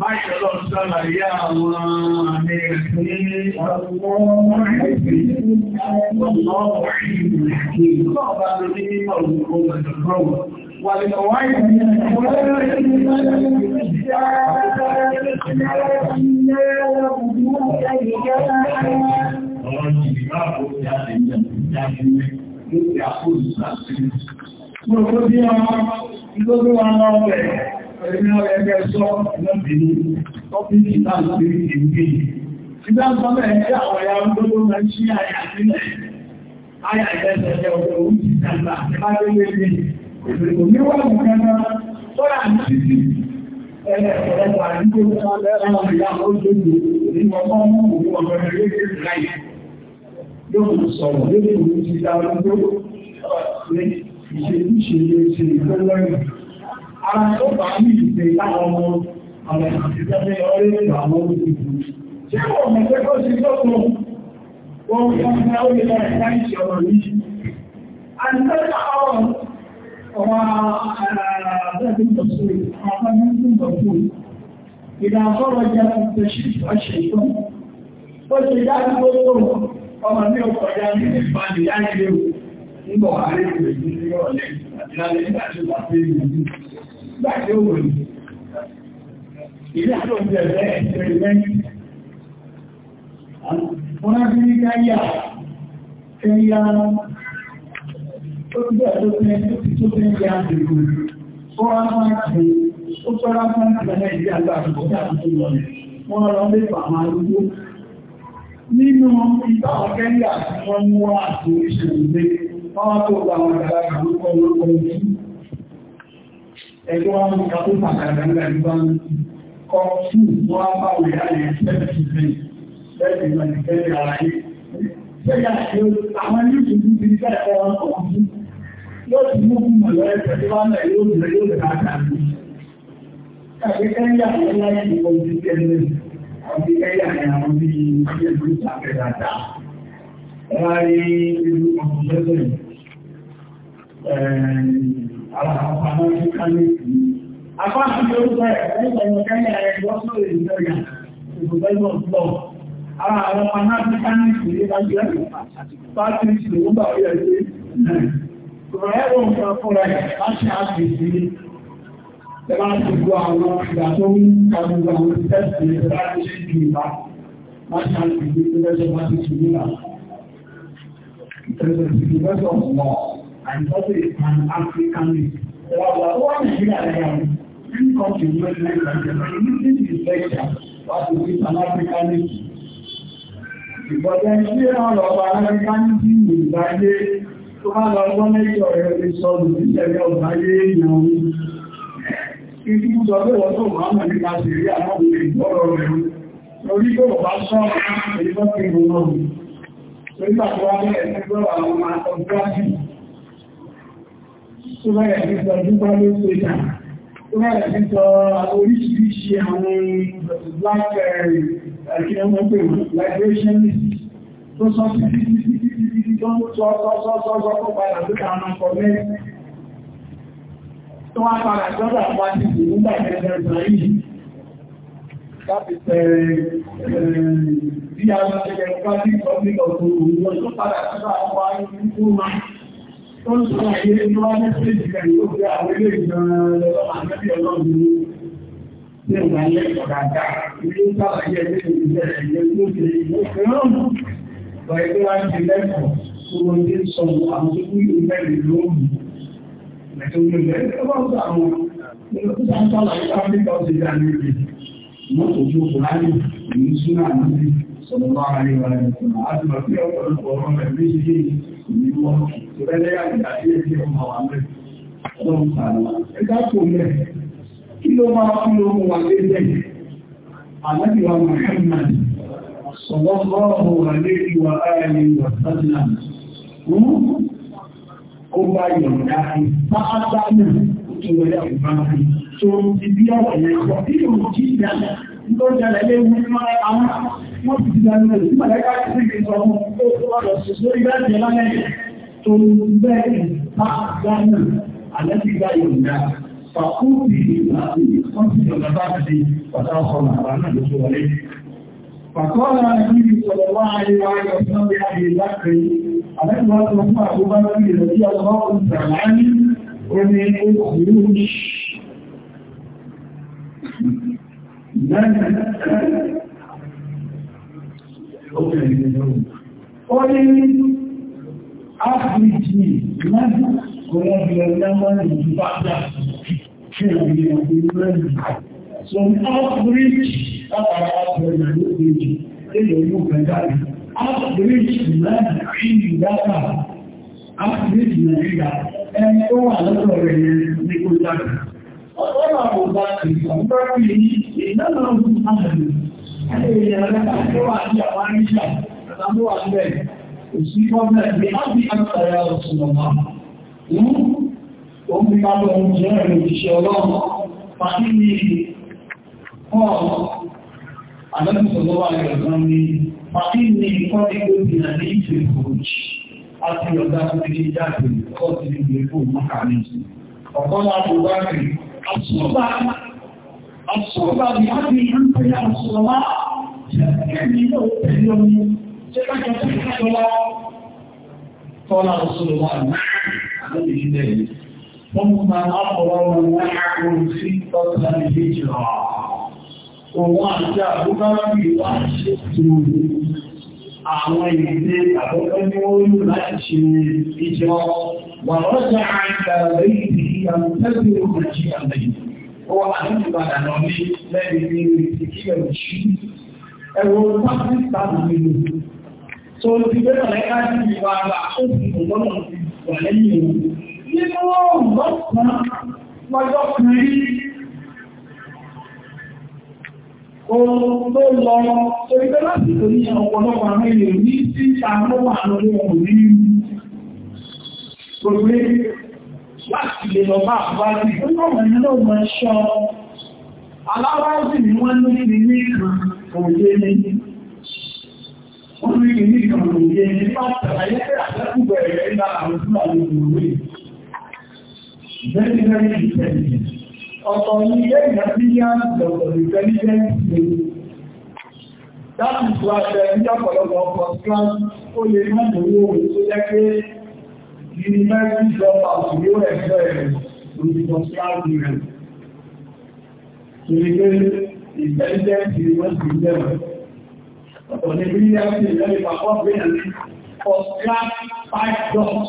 Báyìí ọlọ́run sọ́làyé àwọn àmì ẹ̀sìn ọlọ́run ẹ̀sìn ọlọ́run ẹ̀sìn ìrìnkì. Ọlọ́run bá lórí mímọ̀ òun ọgbẹ̀dọ̀gbọ̀wọ̀. Wà lè kọ̀wá ìrìnkì ọlọ́run ẹ̀sìn ọlọ́run ẹ̀sìn ọlọ́run ẹ̀sìn ọlọ́run ẹ̀mí ọ̀rẹ́ ẹgbẹ́ sọ lọ́bìnrin tọ́pìkì náà lórí ìgbé. Ìgbà sọ́mọ̀ ẹ̀jẹ́ àwọn ẹ̀yà ọdún tó máa ń ṣí àyà sílẹ̀. Àyà ìgbẹ́sẹ̀ ọ̀dọ̀ òjì ìjàmbá ìbájọ́lé ní òṣèlú níwọ̀n kankan sọ́rà ní ara tó bá ní ìpè láwọn ọmọ àwọn àtìsẹ́fẹ́ orílẹ̀-èdè àwọn olùdìbò ṣé wọ́n mọ̀ pé kó ṣe lọ́pọ̀ wọ́n fún ọmọ orílẹ̀ láìsí ọ̀rọ̀ yìí àtìsẹ́fẹ́ àwọn ọmọ àbẹ́bí إذا خرج التشريف الشيطان فالسجاد كله ọmọ ní ọkọ̀ ya ní ìpàdé láìlé o nígbọ̀ àárẹ̀ ìgbèjì ní ọ̀lẹ́ àti láti nígbàtí ó bá fẹ́ ìrìn gbàdé òwò ìlú àdó ìbẹ̀rẹ̀ ẹ̀ẹ́dẹ̀rẹ̀ wọ́n á bí káyà ẹ̀yà tó bẹ̀rẹ̀ tó bẹ̀rẹ̀ tó bẹ̀rẹ̀ yà dìbò ó wá máa ti ó tọ́lá máa ti bẹ̀rẹ̀ ìdí àgbà àgbà tó lọ wọ́n lọ lé pàmà lógó nínú ìgbà ọ̀kẹ́yà tí wọ́n mú wá àti oríṣiríṣi wọ́n tó gba àwọn ìgbà àgbà lókọ́ lókọ́ ẹjọ́ wọn mú kakó pàtàkì nígbà nígbà kọ́ fún wọn á bá wòye àyè ẹ̀ẹ́dẹ̀ẹ́dì rẹ̀ lẹ́yìn ìgbà ìgbẹ́lẹ̀ ara yìí. Bẹ́ẹ̀ ni àwọn ilé ìlú ti fẹ́ ẹ̀ wọn kọ̀ fún yóò ti mú fún mọ̀lẹ́ ẹ̀fẹ́ tí àwọn àpapọ̀ ní kánìtì. Apáàkì ló ń bẹ̀rẹ̀ nípa ìwọ̀n kẹ́yà ń bà ó yẹ láti àgbèsí ẹ máa ti gbọ́ àwọn ìgbà tó ń kàgbùgbà àwọn tẹ́sì ìrọ̀ àti ṣe jù láti àgbèsí ìrẹ́jọ and also a pan-Africanist. What is it that I am? Three countries in West Africa, using this lecture, what is it pan-Africanist? Ìgbọ̀dẹ̀ ṣé àwọn ọ̀pọ̀ Amẹ́ríkánísì ní ìgbàgbé tó bá lọ a lẹ́jọ́ rẹ̀ lè sọ lù ní ìṣẹ̀lẹ̀ ọ̀gbáyé èèyàn orí. Ibi sọ pé wọ́n tó máa mọ̀ nípa sí rí àwọn òṣèrè ìgbọ́rọ̀ rẹ̀ lórí tó of sọ́ọ̀rọ̀ Súnmọ́rẹ̀ ti sọ dúpá ló sójà. Súnmọ́rẹ̀ ti sọ oríṣiríṣi àwọn black ẹ̀kìnàmọ́pẹ̀ eh, eh, liberationist tó sọ sí títí tó ń sọ sọ́sọ́sọ́sọ́ tó padà tó kà máa kọ̀ mẹ́ tó wá padà sọ́dọ̀ pàtìsì nígbà ẹgbẹ̀rẹ̀ yìí láti tẹ̀rẹ̀ eh, bí a lọ ṣẹ̀kẹ̀ pàtìsì ọ̀pọ̀ tó ń sọ ilé ní wá ní sí ìgbà yóò gbé àwọn ilé ìjọra lọ́wọ́ àmẹ́bí ọlọ́run ní ìgbà ilé ìgbàgbà ilé ìgbàgbà ilé ìgbàgbà ilé ìgbàgbà ilé ìgbàgbà ilé ìgbàgbà ilé ìgbàgbà Gbogbo sallallahu alaihi wa sallam àti mọ̀ sí ọ̀pọ̀lọpọ̀ ọmọ rẹ̀ méjì yìí ìlú wọn tó rẹ́lẹ́ àti àti ọmọ wa mẹ́ ọlọ́run sàlọ́ ẹgbẹ́ àpò mẹ́ kí ló máa kú ló mú wa lélẹ̀ àlẹ́bí wa Muhammad sallallahu alaihi wa alihi wa sallam ó bá yọ̀ǹda ìpáátá náà tó rẹ̀ ìbáfẹ́ tó ti bí ọ̀rọ̀ yẹn kọ́ bí òun jí ìdáná tó àwọn wọ́n ti ti dánú rẹ̀ nígbà lẹ́ka sí ìgbésọ̀ ọmọ tó lọ́dọ̀ sí sórí láti ẹlá lẹ́yìn tó bẹ́ẹ̀ bá dánú alẹ́ ti gbá yorùbá fàkúùtì láti kọ́ńtìtì ọ̀nà bá ti pàtà ọkọ̀ nàbà Ó ní áfìjì láti ọ̀rọ̀bìnrin lẹ́wọ́n ní ìbájá kí ọ̀rọ̀bìnrin lẹ́wọ́n. So, áfìjì látara áfìjì lóòjì, èyàn yóò pẹ̀lú áfìjì láti rí ìdáta, áfìjì Nàìjíríà, ẹni tó wà lọ́dọ̀ rẹ̀ ní kó dáadáa ọ̀rọ̀ àwọn ọba kìrìsìtàn bá rí ní ìdáná ọdún àmàlù ẹ̀yẹ ẹ̀rẹ́ta tó wà ní àwọn àríṣà àtàwọn wà bẹ́ẹ̀ kò sí gọ́ọ̀mẹ̀ ní ábí àtàrà ọ̀sùn ọ̀mà ó ń bá lọ jẹ́ ìrìnṣẹ́ ọlọ́run pàdé ní ọ̀ àdámùsọ̀lọ́wà ìrọ̀gbọ́n ní pàdé ní ìkọ́ ìgbòmìnà ní ìfẹ̀kọ̀ọ̀jì àti ọ̀dá tó ti jáde kọ́ ti ní ìgbèkùn mọ́kànlẹ̀ ọ̀kọ́ láti wákìí الصعبة الصعبة بهذه الأمثلة الصلاة تذكرني له تهيوني سمعت تحت ولا قال رسول الله نعم هذه هداية ثم أقرر معكم خطة الهجرة وما جاء بك في وحشته àwọn ìdílé àkọ́kọ́ ní wọ́n láti ṣe ìjọ wà lọ́jà àgbàlẹ̀ ìdí àmútẹ́lẹ̀ òmìnirí àlẹ́ ó wà lọ ní lẹ́yìn ní ìrètí ẹ̀rù ṣí ẹ̀rọ pápítà nínú tó ti gbé ọ̀lẹ́ká sí ìwà àgbà ó sì kò lọ́nà ti wà lẹ́yìn òun nínú ọ̀rùn lọ́sàn-án lọ́jọ́ kan ohun tó lọ torí pé láti ní ọ̀pọ̀lọpọ̀ àwọn ní ní wọ́n ní ní ní òye ní ní ní ní òye ní àwọn ìlú àwọn ìlú Autonomia and resilience of intelligence is That is why the ìjọpọ̀lọpọ̀ ọ̀pọ̀sán ó lè má lówó orí tó jẹ́ pé university dropouts yóò ẹ̀ṣọ́ ẹ̀rẹ̀ olùsọ̀sán rẹ̀. Ìrìnlẹ̀ intelligence is wọ́n ti lẹ́wọ̀. Ọ̀tọ̀ ni brilliant is very important. First class five jobs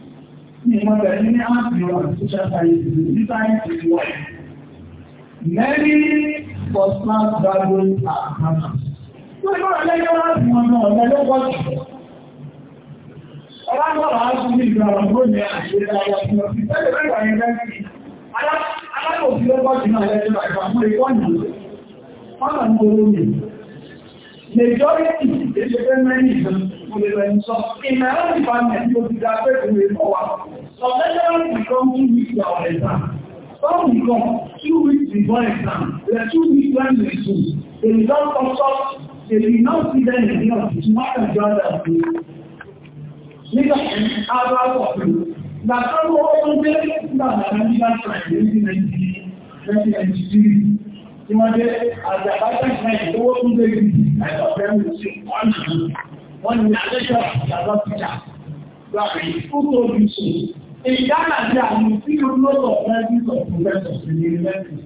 ní ìmọ̀lẹ̀ ní ààbìwà social sciences ní sciences wọ̀ many first class graduates are graduates. wọ́n ní you. lẹ́yìn wọ́n láti to náà lẹ́yìn wọ́n jù. ọba ń bọ̀wọ̀ á tún ní ìgbà wọn ló ní àṣírí ayọ̀ tí wọ́n fi tẹ́lẹ̀ mẹ́wàá yẹn bẹ́ẹ̀ to alákòókì ló pọ̀ jù náà lẹ́yìn wọ́n ìgbà fún ikọ́ nù. wọ́n kàn ń gbòòrò mi. majority ìṣèjọba mẹ́rin ìgbà ìpòlẹ̀lẹ̀ In my own you will be power. Some lecturers become two weeks without exam. Some become two weeks before exam. are two weeks when they school. They will They will not see them in the office. What can God help you? Nígbà tí a bá wọ̀ pé, ìgbà tó ń wọ́n tó ń gbé nígbà tí a ní láti ṣàìlè ní Nàìjíríà tí wọ́n jẹ́ àjàbájá ìgbà ìgbówó tó ń gbé ìgbà ìgbà ìgbà ìgbà wọ́n ní àlejò ìyàwó títà láàrin fúrú olùsù ìdáná àti àwọn ìfìlú lọ́tọ̀ lẹ́yìn tó kù lẹ́tọ̀ sí ní lẹ́yìn.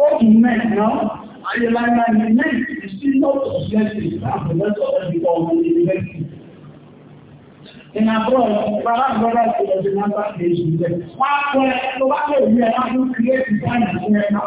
ó kù mẹ́ẹ̀nà ayélujára ní lẹ́yìn sí lọ́tọ̀ lẹ́yìn láàrin lẹ́tọ̀ lẹ́yìn tó kù ní lẹ́yìn. ìnà àbúrò bàbá àgbọ̀dá ti lọ sí nàbà kejì rẹ̀ wọ́n á pẹ́ tó bá lè rí ẹ̀ láti kíré ìdáná sí ẹ̀ náà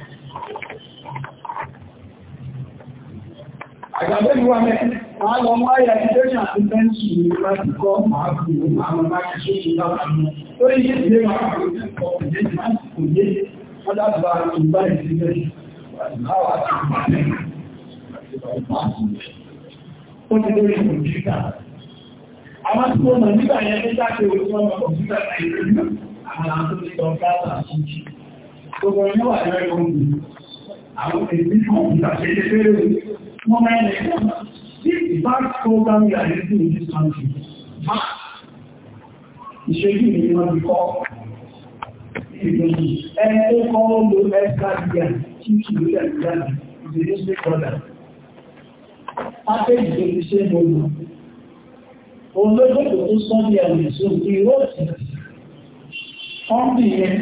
Àgbàbẹ́ni wà mẹ́, àwọn ọmọ ayà ìdẹ́jì àti bẹ́ńsì ní láti kọ́ máa fi àwọn máa ṣe ṣe láàárín. Ó yí ìdílé máa kò jẹ́ kò yé, wọ́n dábà ìgbà ìdílé, àwọn àti ìgbàlẹ̀ àti ìgbàlẹ̀. Ó ti lórí kòmìtà. Àwọn tí ó mọ̀ nígbà yẹn ní jáde òṣùwọ́n mọ̀ kòmìtà Nàìjíríà, àwọn àti ìgbàlẹ̀ àti ìgbàlẹ̀. Gbogbo ẹni for my election. This bad program we are using in this country, bad. Ìṣèjú ni wọ́n ti kọ́ ìgbìyànjú. Ẹni tó kọ́ ló ẹ́sà díẹ̀ tí kì í lẹ̀ ìjọba ìdílé sí kọ́lá. Pápẹ́ ìjọ ti ṣe gbogbo. Olóògbé tó sọ́ ní ẹ̀rìn sí orí róòtì. Ọ́nbì yẹn,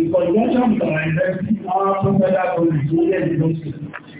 ìkọ̀jọ́jọ́ ìgbàlá ìrẹsì, àwọn afẹ́fẹ́ lágbọ́n ìjọ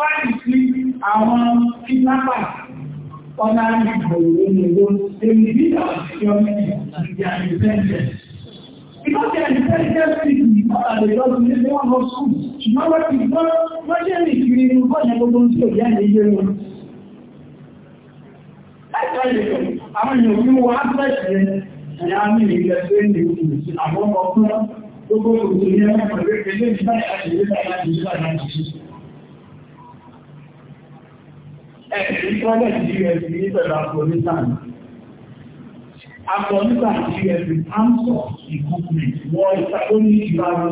fáyì sí àwọn kidnappa ọ̀nà ìgbòho nìgbò èyí bí àwọn security and their independence. Because their independence is not as a result of this, they want no school. Ṣùgbọ́n wọ́n ti gbọ́ wọ́n jẹ́ lè kiri inú bọ́ọ̀nà gbogbo tí ò yá ilé yé wọn. Láìpẹ́ ìlú, àwọn èèyàn ní wọ́n á fẹ́ Ìtọ́lẹ̀ GSB ní pẹ̀lú Afghanistan. Afghanistan GSB arms of equipment wọ ìsàkóní ìbára.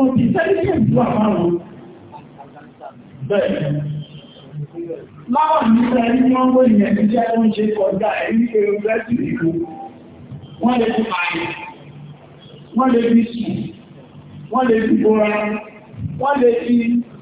Òtí sẹ́lẹ̀kẹ̀ ìlú àmàrùn. Bẹ́ẹ̀ Láwọn nípa ẹni wọ́n wó ìyẹn ní jẹ́ oúnjẹ kọjá ẹ̀rí èrò rẹ́sì ìlú. Wọ́n lè fi àyè, wọ́n lè fi sùn, wọ́n lè fi bọ́ra, wọ́n lè fi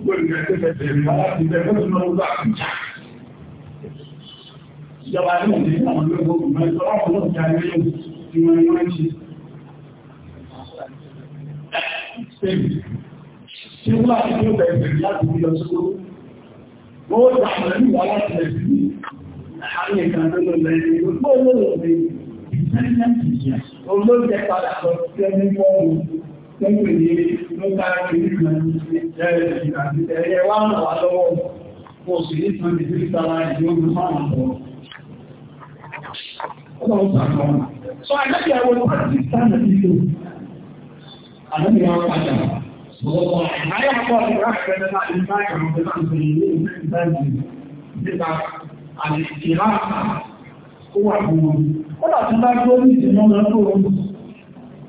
Ìjọba ní ìdíjẹ́ àwọn olóògbò mẹ́sàn-án ọ̀pọ̀lọpọ̀ ìjàrí ẹ̀yọ́ tí wọ́n ń rán sí. Ṣé wọ́n láti ní ọ̀pẹ̀ ìbẹ̀rẹ̀ láti bí lọ sókó? Wọ́n ó dàmọ̀ ní wà láti rẹ̀ sí àárín ìkan tó lọ lẹ́yìn olóògbò lóòrùn lẹ́gbẹ̀ẹ́ ní lọ́tàrí ìrìnà ìjẹ́ àti ẹ̀yẹ wà náà wà lọ́wọ́ kò sí ìtàn ìdíríkàlá ìjọ́gbù márùn-ún pọ̀. Ọlọ́run sàkọ́. So, àjẹ́kẹ̀ ẹwọ́n pàtàkì sánà nílò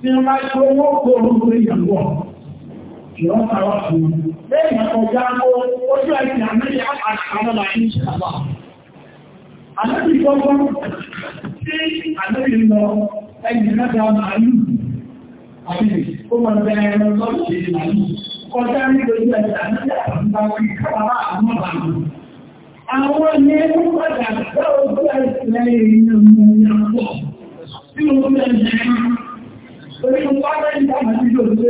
tí wọ́n bá ṣe owó kòrò lórí ìyàwó ìwọ́n tàwà fún un lẹ́yìn ọjọ́ ojú ẹ̀sìn àmìlẹ̀ àkàrọ̀lá ní ṣàbà àmìlẹ̀ gbọ́gbọ́n tí àmìlẹ̀ lọ ẹgbẹ̀ mẹ́ta màálù àti ó mọ̀ bẹ̀rẹ̀ ẹ̀rọ lọ́ṣẹ̀ ìlànà kọjá ní ojú ẹ̀sìn àmìlẹ̀ àkàrọ̀lá àwọn ní ẹgbẹ́ padà gbọ́ ojú ẹ̀sìn lẹ́yìn ìyàwó tí ó mọ̀ Torí mo bá bẹ́ẹ̀ ní àwọn ìjọ ìgbé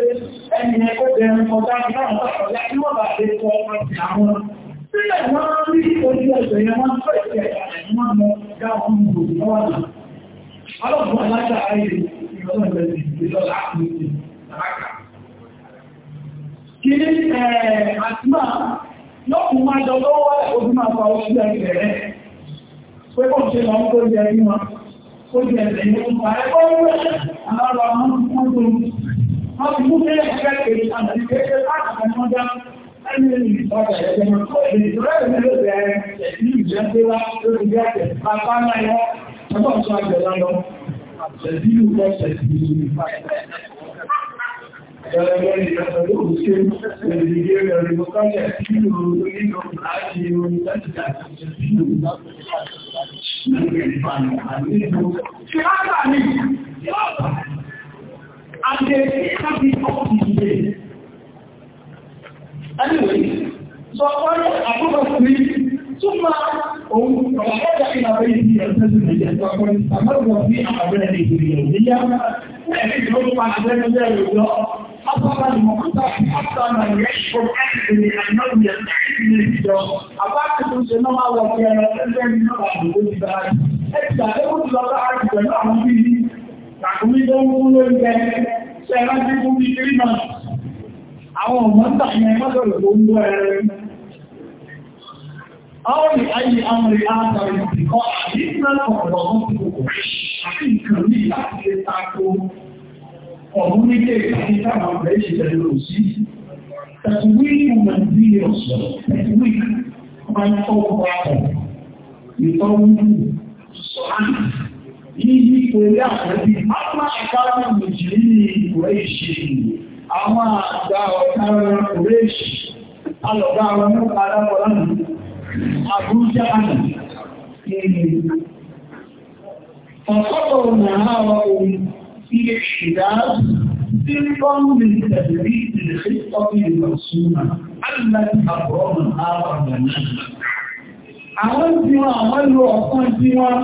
ẹni ẹ̀kọ́ bẹ̀rẹ̀ ọ̀dá ìdáhùn sọ̀rọ̀ láti wọ́n bá ṣe fọ ọmọ sí àwọn. Sílẹ̀ wọ́n rí orí ẹ̀sẹ̀ yẹn wọ́n fẹ́ ìṣẹ̀ àyẹ̀wọ́n mọ dáhùn gbogbo lọ́wọ́ náà. Ọlọ́pùn aláṣà ayé ìrọ̀lọ́ ìbẹ̀rẹ̀ ìgbélọ́lá àti ìrọ̀lá. Kí ní àtìmá lọ́kùn máa jọ lọ́wọ́ ó ti ẹ̀sẹ̀ ní ọmọ ẹgbẹ́ ìwé alára amúnkúndùn wọ́n ti mú sílẹ̀ ẹgbẹ́ kejì àti kékeré láti ẹ̀mọ́ dá ẹni ìgbàgbà ẹ̀jẹ̀ mọ́ tó ìdúrà ìlú ló bẹ̀rẹ̀ ẹ̀sìn ìjẹ́ńdéwá lórí bí ẹ̀jẹ̀ bàbá náà yọ ọgbọ́n tó àjẹ̀ lọ́lọ́ ẹ̀sìn ìlú lọ ṣẹ̀sìn ìlú ìfà Ẹgbẹ̀rẹ̀ ìrẹsẹ̀ ló ń ṣe ìrìnlẹ̀ ìrẹsẹ̀ lọ́kọ́lẹ̀ ìlú orílẹ̀-èdè láti orí láti jà Anyway, so I thought of me, ثم وحتى إلى بيته يلتزم الاستقامة استمر في أعماله اليومية ويعيش عقب أعماله أصلا المقطع حتى من يشكر أحد لأنه يستحيل الهجرة أبعد تنسينا وكان تنسينا بعد ذلك إذا أردت لقاعد جماعة به تحويدا وقولا ذلك سيراتكم بكلمة àwọn ọmọ ń tàbí ẹgbẹ́sọ̀rọ̀ tó ń gbọ́ ẹ̀rẹ́ àwọn ìayé àwọn ìlànà ìpìkọ́ àdínà ọ̀pọ̀lọpọ̀ kòkòrò àti ìkànnì láti lè tako ọ̀run méjì ní táwọn ọ̀rẹ́ ìṣẹ̀lẹ̀ lò sí tẹ̀síwíìkù mẹ́bíọ̀sì tẹ̀síwíìkù máa ń tọ́ ọkọ̀ àpọ̀ ìtọ́wúrú sọ́hánì yíyí pẹ̀lú àpẹẹbí máa ṣàkárà méjì ní ìwẹ̀ ìṣẹ̀lẹ̀ àwọn àgbà ọ̀kára oréṣì alọ̀gá àwọn mẹ́ta alábọ̀lá àbújá àná Ọ̀sọ́tọ̀ òun àárọ̀ في الحجاز طبقا لتدريب الخطة المرسومة التي أبرمها برلماننا. Àwọn tí wọn àwọn ìlú ọ̀kan tí wọn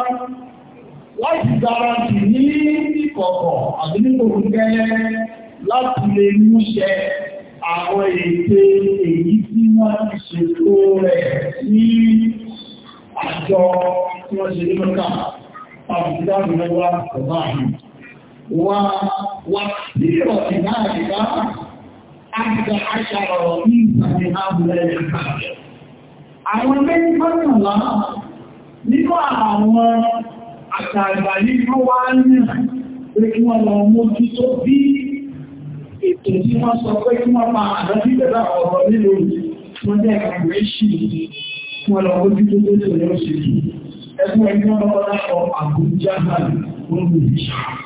láti dára jù ní ìkọ̀kọ̀ àti ní kòrúkẹ́ láti lè múṣẹ àwọn ète èyí tí wọ́n ti ṣètò rẹ̀ ní àjọ tí wọ́n ṣe ní mẹ́ta. Àbùdá ìrẹ́wà ọ̀bá وكثير من ذلك أحد عشر رئيسا من هؤلاء الكافر àwọn mẹ́rin mọ́kànlá nínú àwọn àtàgbà nínú wá ní pé kí wọ́n lọ mójú tó bí ètò tí wọ́n sọ pé kí wọ́n máa àdájú bẹ̀rẹ̀ ọ̀rọ̀ nílò wọ́n jẹ́ ẹ̀kàrẹ́ṣì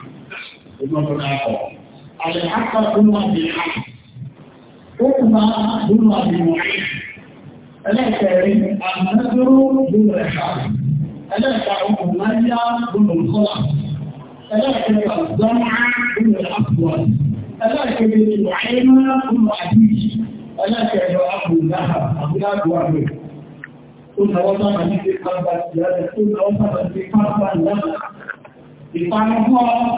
kí الحق ثم بالحق ثم ثم بمعين ألا كريم النذر دون الحق ألا تعود مريا دون الخلق ألا كريم الزمع دون الأسود ألا كريم المعين دون عديد ألا كريم أبو الذهب أبو الأبواب ثم وضع من في قلبة ثم وضع من في قلبة لما إقامة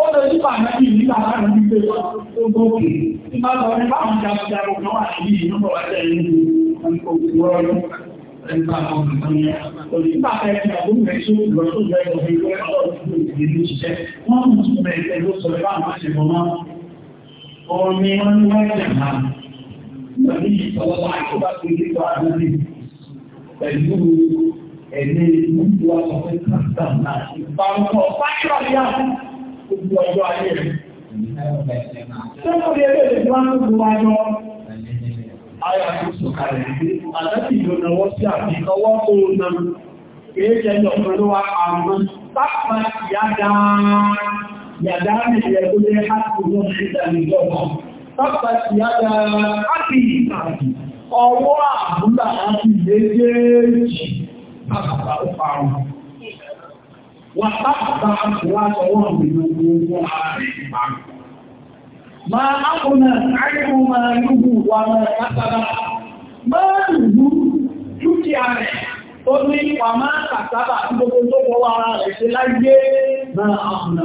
我就一百萬件，五百萬件對我都都掂。而家我哋包緊嘅嘅咁多生意，咁我哋正去報銷啊！而家我哋嘅我哋大計就都係輸，而家都係我哋嘅老闆，年年都係。我唔知咩嘢都衰翻嚟，係我媽，我面都唔開人行。而家呢個大個公司都係呢啲，係冇係咩嘢都話做曬大生意，包括擺嘢啊。gbogbo ọjọ́ ayé rẹ̀. Ṣé kò lè lè fún wọn gbogbo ayọ́? Ayọ̀ àti sọ̀kalẹ̀ ìgbé, àdájì ìlú náwọ́ sí àti ọwọ́ oòrùn náà. Kìí jẹ́ ọ̀pọ̀ ló wá àmọ́, pápá yàdá yàdá nìyẹ̀ tó lé hàtù ló ń ṣẹ̀dá nígbọ̀mọ̀. Pápá yàdá hàtì wà bá wà sọ́wọ́ ìlú owó ààrẹ ìgbà. Máa ápùnà àìkú máa lúgbù wà máa kátàrà. Máa lùgbù dúkìá rẹ̀ tó ní wà máa kàtàrà gbogbo tó kọ́ wà máa ápùnà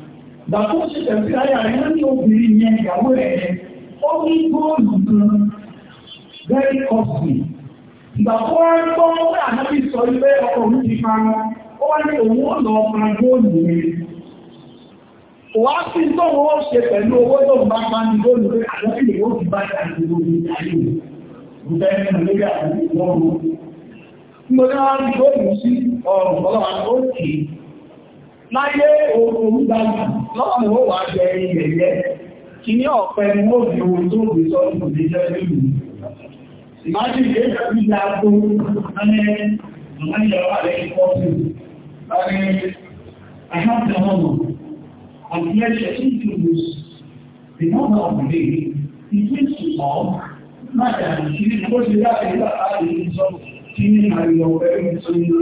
Bàbá ó ṣe tẹ̀sí ayà mmiri ní obìnrin yẹn ìyàwó rẹ̀ yẹn. Ó ní góòlù gan very costly. Bàbá ó ń ànábì sọ ilé ọkọ̀ òun ti pa Ó wá ní òun ó lọ góòlù ṣe pẹ̀lú owó tó ń bá pa ní góòlù lè ti bá láyé ogun gbájú lọ́nà ó wà jẹ ilẹ̀ yẹ kí ní ọ̀pẹ mọ́bí ohun tó gbé sọ́dún ní jẹ́ lórí ìmájú ilé ìjọba tó lálẹ́ ìmọ̀lẹ́yàwó rẹ̀ ìpọ́sí láàrin àhábìnàmọ́nà àti ẹ̀ṣẹ̀ tí ìtùlùs ìmọ̀nà ọ̀gbìn ìpín ṣùgbọ́n máa dà sí ó ṣe láti ìgbà láti ìjọ kí ní àríyọ̀ pẹ̀lú ìtùlù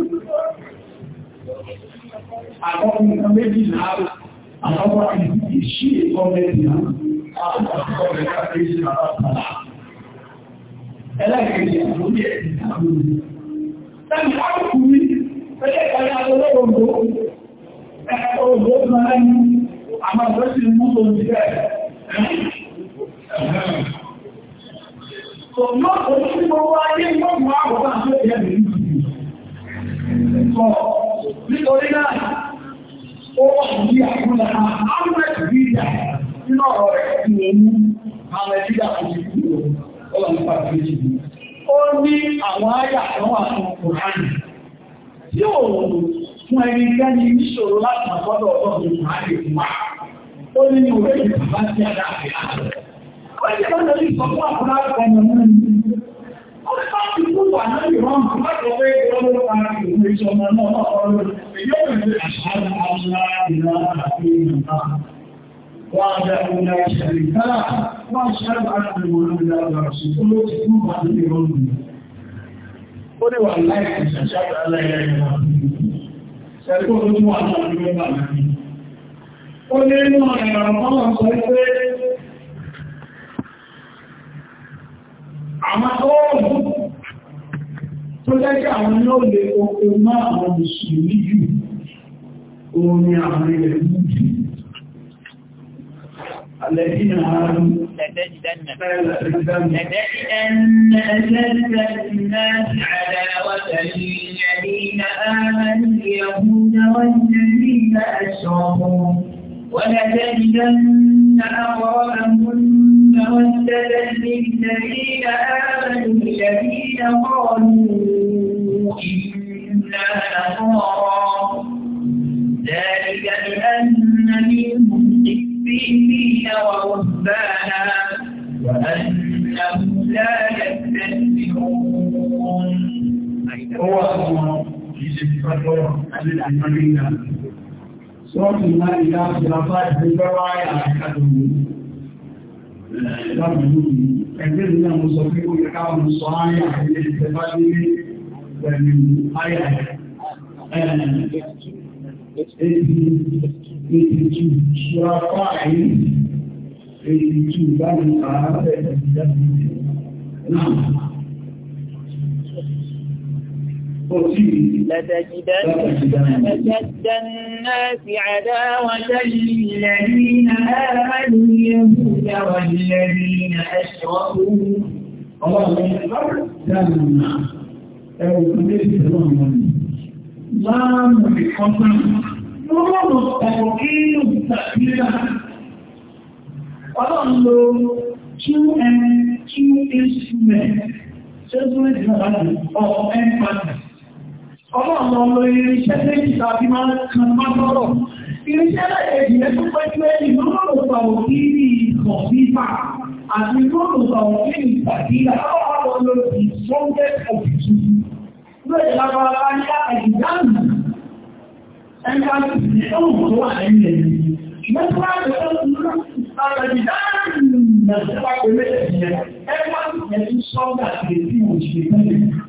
àwọn nǹkan méjì láàrù àwọn ìṣí ìkọ́mẹ́dì Ẹlẹ́gbẹ̀ẹ́ ìyàwó yẹ̀ ìdáàbò. Ẹni àwọn ọkùnrin, ẹlẹ́gbẹ̀ẹ́ àtọ́lọ́gbọ̀n tó, ẹ̀kọ́ ògbó máa ń àmà ìrọ́sí mú tó ń jẹ́ ẹ̀rẹ́. Kò mọ́ òṣìṣẹ́ gbogbo ayé mọ́ mọ́ àwọn àjọ́ ìyẹ̀ nítorí náà ó wà ní àkúnlẹ̀ ahmed bíjà nínú ọ̀rọ̀ rẹ̀ tí ó mú ahmed bíjà kò sí kúrò ó lọ nípa ìgbésí ó ní àwọn àyà kan wà fún kùránì tí ó fún ẹni gẹ́ni níṣòro láti àkọ́dọ̀ ọ̀dọ́ kùránì fún wa ó ní ìwé ìpàbá sí àdáàbí àárẹ̀ ó ní ìbánu ní ìsọ̀kún àkúrá ọ̀nà mẹ́rin وعده لا شريك له واشهد ان محمدا رسول الله ثم عليه ربنا قل والله اشهد ان لا اله الا الله سيكون ثم عليه ربنا قل انه انا الله àwọn tó wù tó lẹ́jẹ́ àwọn ní ó lè oko mọ́ àwọn mùsùlùmí jù òun ni àwọn ilẹ̀ mújì الذين آمنوا لنجدن أشد الناس عداوة للذين آمنوا اليهود والذين أشركوا ولتجدن أقربهم مودة للذين آمنوا الذين قالوا إنا نصارى ذلك بأن منهم قسيسين ورهبانا وأنهم لا يستكبرون هو الله يجب أن sọ́ọ̀tì náà ìdá ìrọ̀fà ìgbẹ́wà àkàdùnmù lábùú ẹgbẹ́ ìrìnà mo sọ pé ó yẹ káwọn sọ ayà ilé ìtẹ́fà nílé pẹ̀lú ayà ètìtù ṣọ́fà yìí ètìtù bá ní àárẹ̀ ìjẹ́ لتجدن أشد الناس عداوة للذين آمنوا اليهود والذين أشركوا الله أكبر لما أولئك لهم لا محفظة نور التوكيل التأكيدة Ọlọ́run lo two and two instruments, ṣé tó lè jẹ́ ọ̀rọ̀ ẹ̀ ọlọ́ọ̀nà ọmọ irinṣẹ́ méjì tàbí máa ń kan máa lọ́rọ̀. irinṣẹ́ lẹ́ẹ̀kejì ẹ tó pẹ́ pé ìmúlòlòpọ̀ òkìrí ìkọ̀ fífà àti ìmúlòlòpọ̀ òkìrí ìpàdílà ọlọ́ọ̀pọ̀ lórí strongest òkìtù lórí lágbára ní àìdáàmù ẹgbẹ́ àti ìdánwò tó wà lẹ́yìn ẹ̀yìn ìgbẹ́sọ́ àti ìdánwò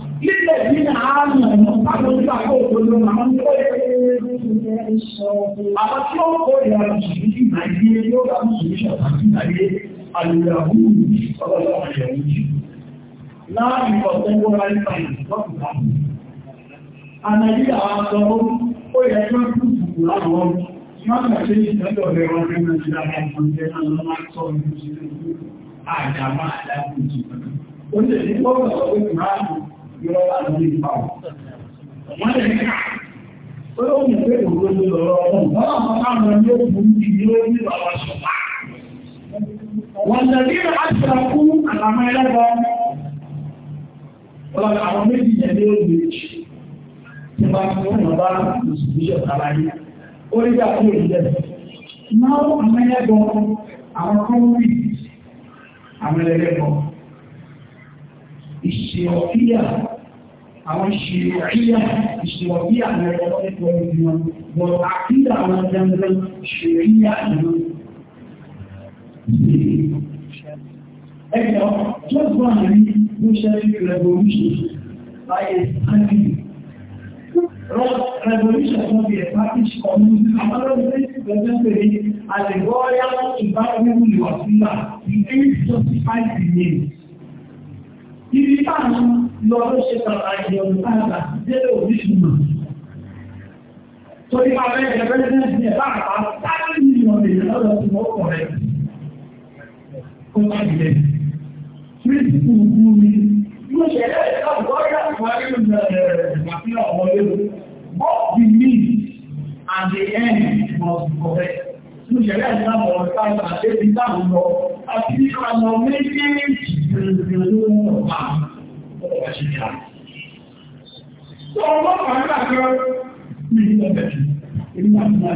Lílẹ̀ bí àárín ọ̀nà táwọn ojú àkọ́ òkúrò àwọn tí ó yẹ tí ó kó ìyàwó ìṣìṣì Nàìjíríà yóò bá mú ìṣìṣì àti Nàìjíríà àlùyàwó ọlọ́lọ́wọ́ ìyàwó jù. Láàrín ọ̀tẹ́gbọ́n ráyé báyìí lọ́pùpù láàrín. Ànàìjíríà wá sọ ó yẹ kí wọ́n kú ìsìnkú láwọn ọmọ. ṣe ìtẹ́lẹ̀ ọ̀rẹ́ wọn fún Nàìjíríà láti ọjọ́ ìrànlọ́wọ́ sọ̀rọ̀ ìrìnṣẹ́ àjàmá àdáàbò yọ àti ìpa wọn. Wọ́n lè ká ó yóò mú pé òwe ló lọ́rọ̀ ọ̀hún. Wọ́n lọ fọ́ káwọn ní òkú ní ilé ní bàbá ṣọ̀pá. Wọ́n lè rí àṣà fún àlàmọ́ ẹlẹ́gbọ́. Wọ́n lọ àwọn méjì yẹn ní òwe jù. Tí wọ́n fi wọ́n bá ìṣòwò àlàyé. Ó rí bí àkókò ìjẹ́. Náà àwọn ẹlẹ́gbọ́ àwọn kọ́ńtì ìṣèrọ̀fíà àwọn ìṣèrọ̀fíà ìṣèrọ̀fíà lẹ́rọ ẹ̀kọ́ ìgbìmọ̀ wọ̀n àkídà àwọn dandan ṣèrìyà ìlú ẹgbẹ̀rọ just one ní social revolution by a family Revolution from the Turkish community, another place represented as a royal environment in Wasila, the end justifies the name ibi táwọn lọ ló ṣe pàtàkì ọ̀rọ̀ káàkà délé òbíṣùmọ̀. Torí máa bẹ́ẹ̀ ẹ̀rẹ́ bẹ́ẹ̀ ní ẹ̀bá àpá táwọn ènìyàn lè lọ́dọ̀ tí wọ́n kọ̀ rẹ̀. Kó má jẹ́. Pírísìpù gbú mi. Mo ṣe ẹ̀rẹ́ ìkọ̀kọ́ rí àwọn akẹ́kọ̀ọ́ ìgbàfihàn ọmọ lérò. Both the means and the end must be correct ní ìṣẹ̀lẹ̀ ìlànà ọ̀sán àti ìdáhùn lọ àti ìlànà méjèèjì ìrìnlẹ̀ ọ̀pá ọ̀pá ṣe ká. Sọ ọlọ́pàá nígbà kan ní ìlú ọ̀bẹ̀ ìgbà náà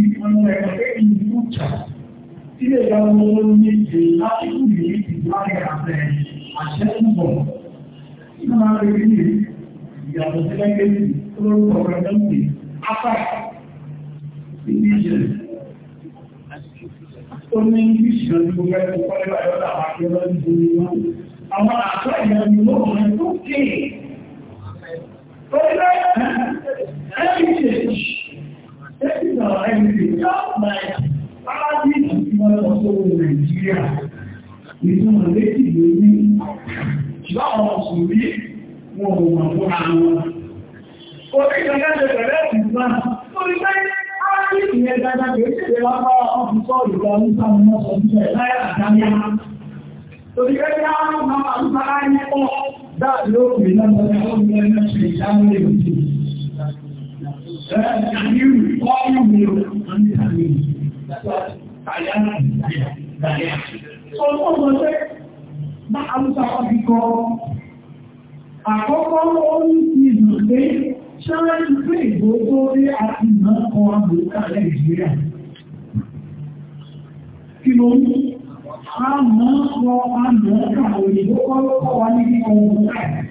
ìpinnu ẹgbẹ́ ìlúta tí lè bá wọn ní ìdè láti kú ní ìwádìí àbẹ̀ àṣẹ ìbọ̀. Kí ló máa rí ní ìyàtọ̀ sí lẹ́gbẹ̀ẹ́ tó lórúkọ rẹ̀ lẹ́gbẹ̀ẹ́ apá ìdí ìṣẹ̀lẹ̀. Ó ní English náà ní gbogbo ẹ̀kọ́ pọ́lẹ́ báyọ̀ láwọn akẹ́rọ ìdílé wọn. Àwọn àṣọ ìyàwó ló wọ̀n That is our enemy. Just like our people also in Nigeria. Ìtàn létí ló ní ṣùgbọ́n ọ̀sùn rí wọn ò mọ̀ fún àwọn. Oníkẹ̀kẹ́ ṣe pẹ̀lẹ́ ìsìnkú. Orí pé á rí ìyẹn dáadáa kìí ṣe lápá ọ́fíìsọ́ ìgbà oníṣà mọ́ sọ ní ẹ̀ láyé àdáyá. Orí pé á rí máa ń sára ní pọ̀ dáàdì ó pè náà lọ́wọ́ ní ẹgbẹ́ ṣe ìdámọ́ Àkọ́kọ́ orí ti dùn pé ṣáájú pé ìgbò tó rí àti ìmọ̀ kan àmòríkà Nàìjíríà. Kí ló mú? A mọ́ sọ àmòríkà òyìnbó kọ́ lọ́pọ̀ wá ní ọmọ káàkiri.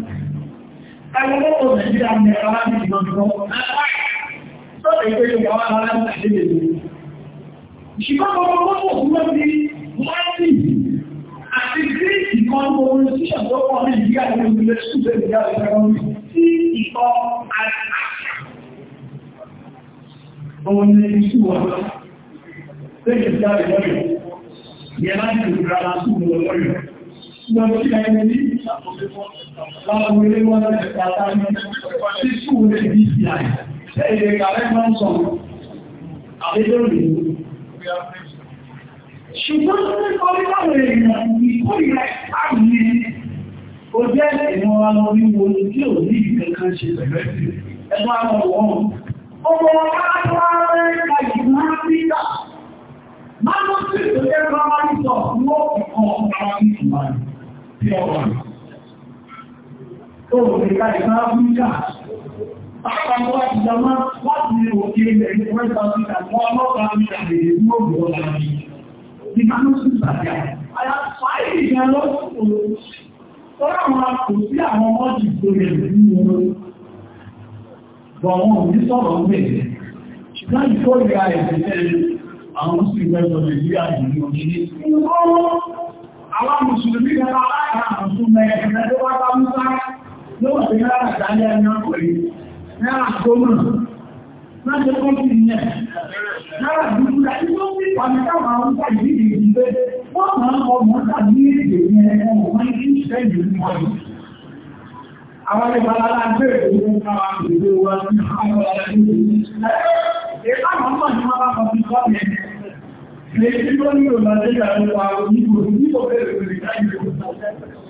ẹgbẹ́ ó nàìjíríà ní ẹ̀rọ láti ìgbọ́njúgbọ́n sọ́tẹ̀ ìgbẹ́ yóò wà láti àdébẹ̀ ṣùgbọ́n gbogbo gbogbo ti láti àti gíríkì kan gbogbo sí ṣàtọ́pọ̀ nàìjíríà ní ìpínlẹ̀ ṣùgbẹ́ ìgbà ìgbàrún sí ìkọ́ àti àṣà òun ni ìṣúwà lẹ́yìn ìgbà ìgbàrún yẹ láti ìgbàrún láwọn ilé wọ́n lọ́jẹ̀ pátá ní sísù rẹ̀ i àì ẹ̀yẹ kàrẹ́ máa ń sọ̀rọ̀ àbẹ́lẹ́rẹ̀ ṣùgbọ́n tó ń kọ́ ní láwọn èèyàn ìkó ìrẹ́ àmì ó jẹ́ ìwọ̀n àwọn oníwo tí ò ní ìkẹ́kẹ́ ṣe pẹ̀lú ẹgbẹ́ àwọn ọ̀wọ́n ọmọ aláwọ̀ ẹ̀ka tó rẹ̀ ká ìgbà áfíríkà àpapọ̀ láti dámá láti òkè ilẹ̀ ní west africa wọ́n lọ́pàá áfíríkà lè mú òbúrọ̀ láti ní manúsù sàdíà àyà fàáyì ìgbà lọ́pùpù tọ́rọ wọn kò sí àwọn ọjì tó rẹ̀ nínú wọn bọ̀ wọn ò ní sọ̀rọ̀ mẹ́rin ṣùgbọ́n ìkórìíra ẹ̀sìn àwọn sí ìwẹ̀sọ̀ nàìjíríà ìlú òjìní. Àwọn mùsùlùmí kan láàárín àwọn tó mẹ́rin ẹgbẹ́ tó wá bá mú sáré lọ́wọ́ sí náírà dálẹ́ ẹni ọkùnrin náírà gómìnà náà ṣe kọ́ sí ìyẹn náírà dúdú láti tó ń bí pàmì táwọn àwọn ọmọ ìdíje ìdíje wọ́n máa ń ọmọ tàbí èdè yẹn ọmọ wọn ní ìṣẹ́jú wọn àwọn ìbálálá gbé ìwé káwà ìwé wa ní àwọn ọ̀rọ̀ ìwé ìwé àwọn ọmọ ìwé wa kọ̀ sí sọ́ọ̀mù ẹ̀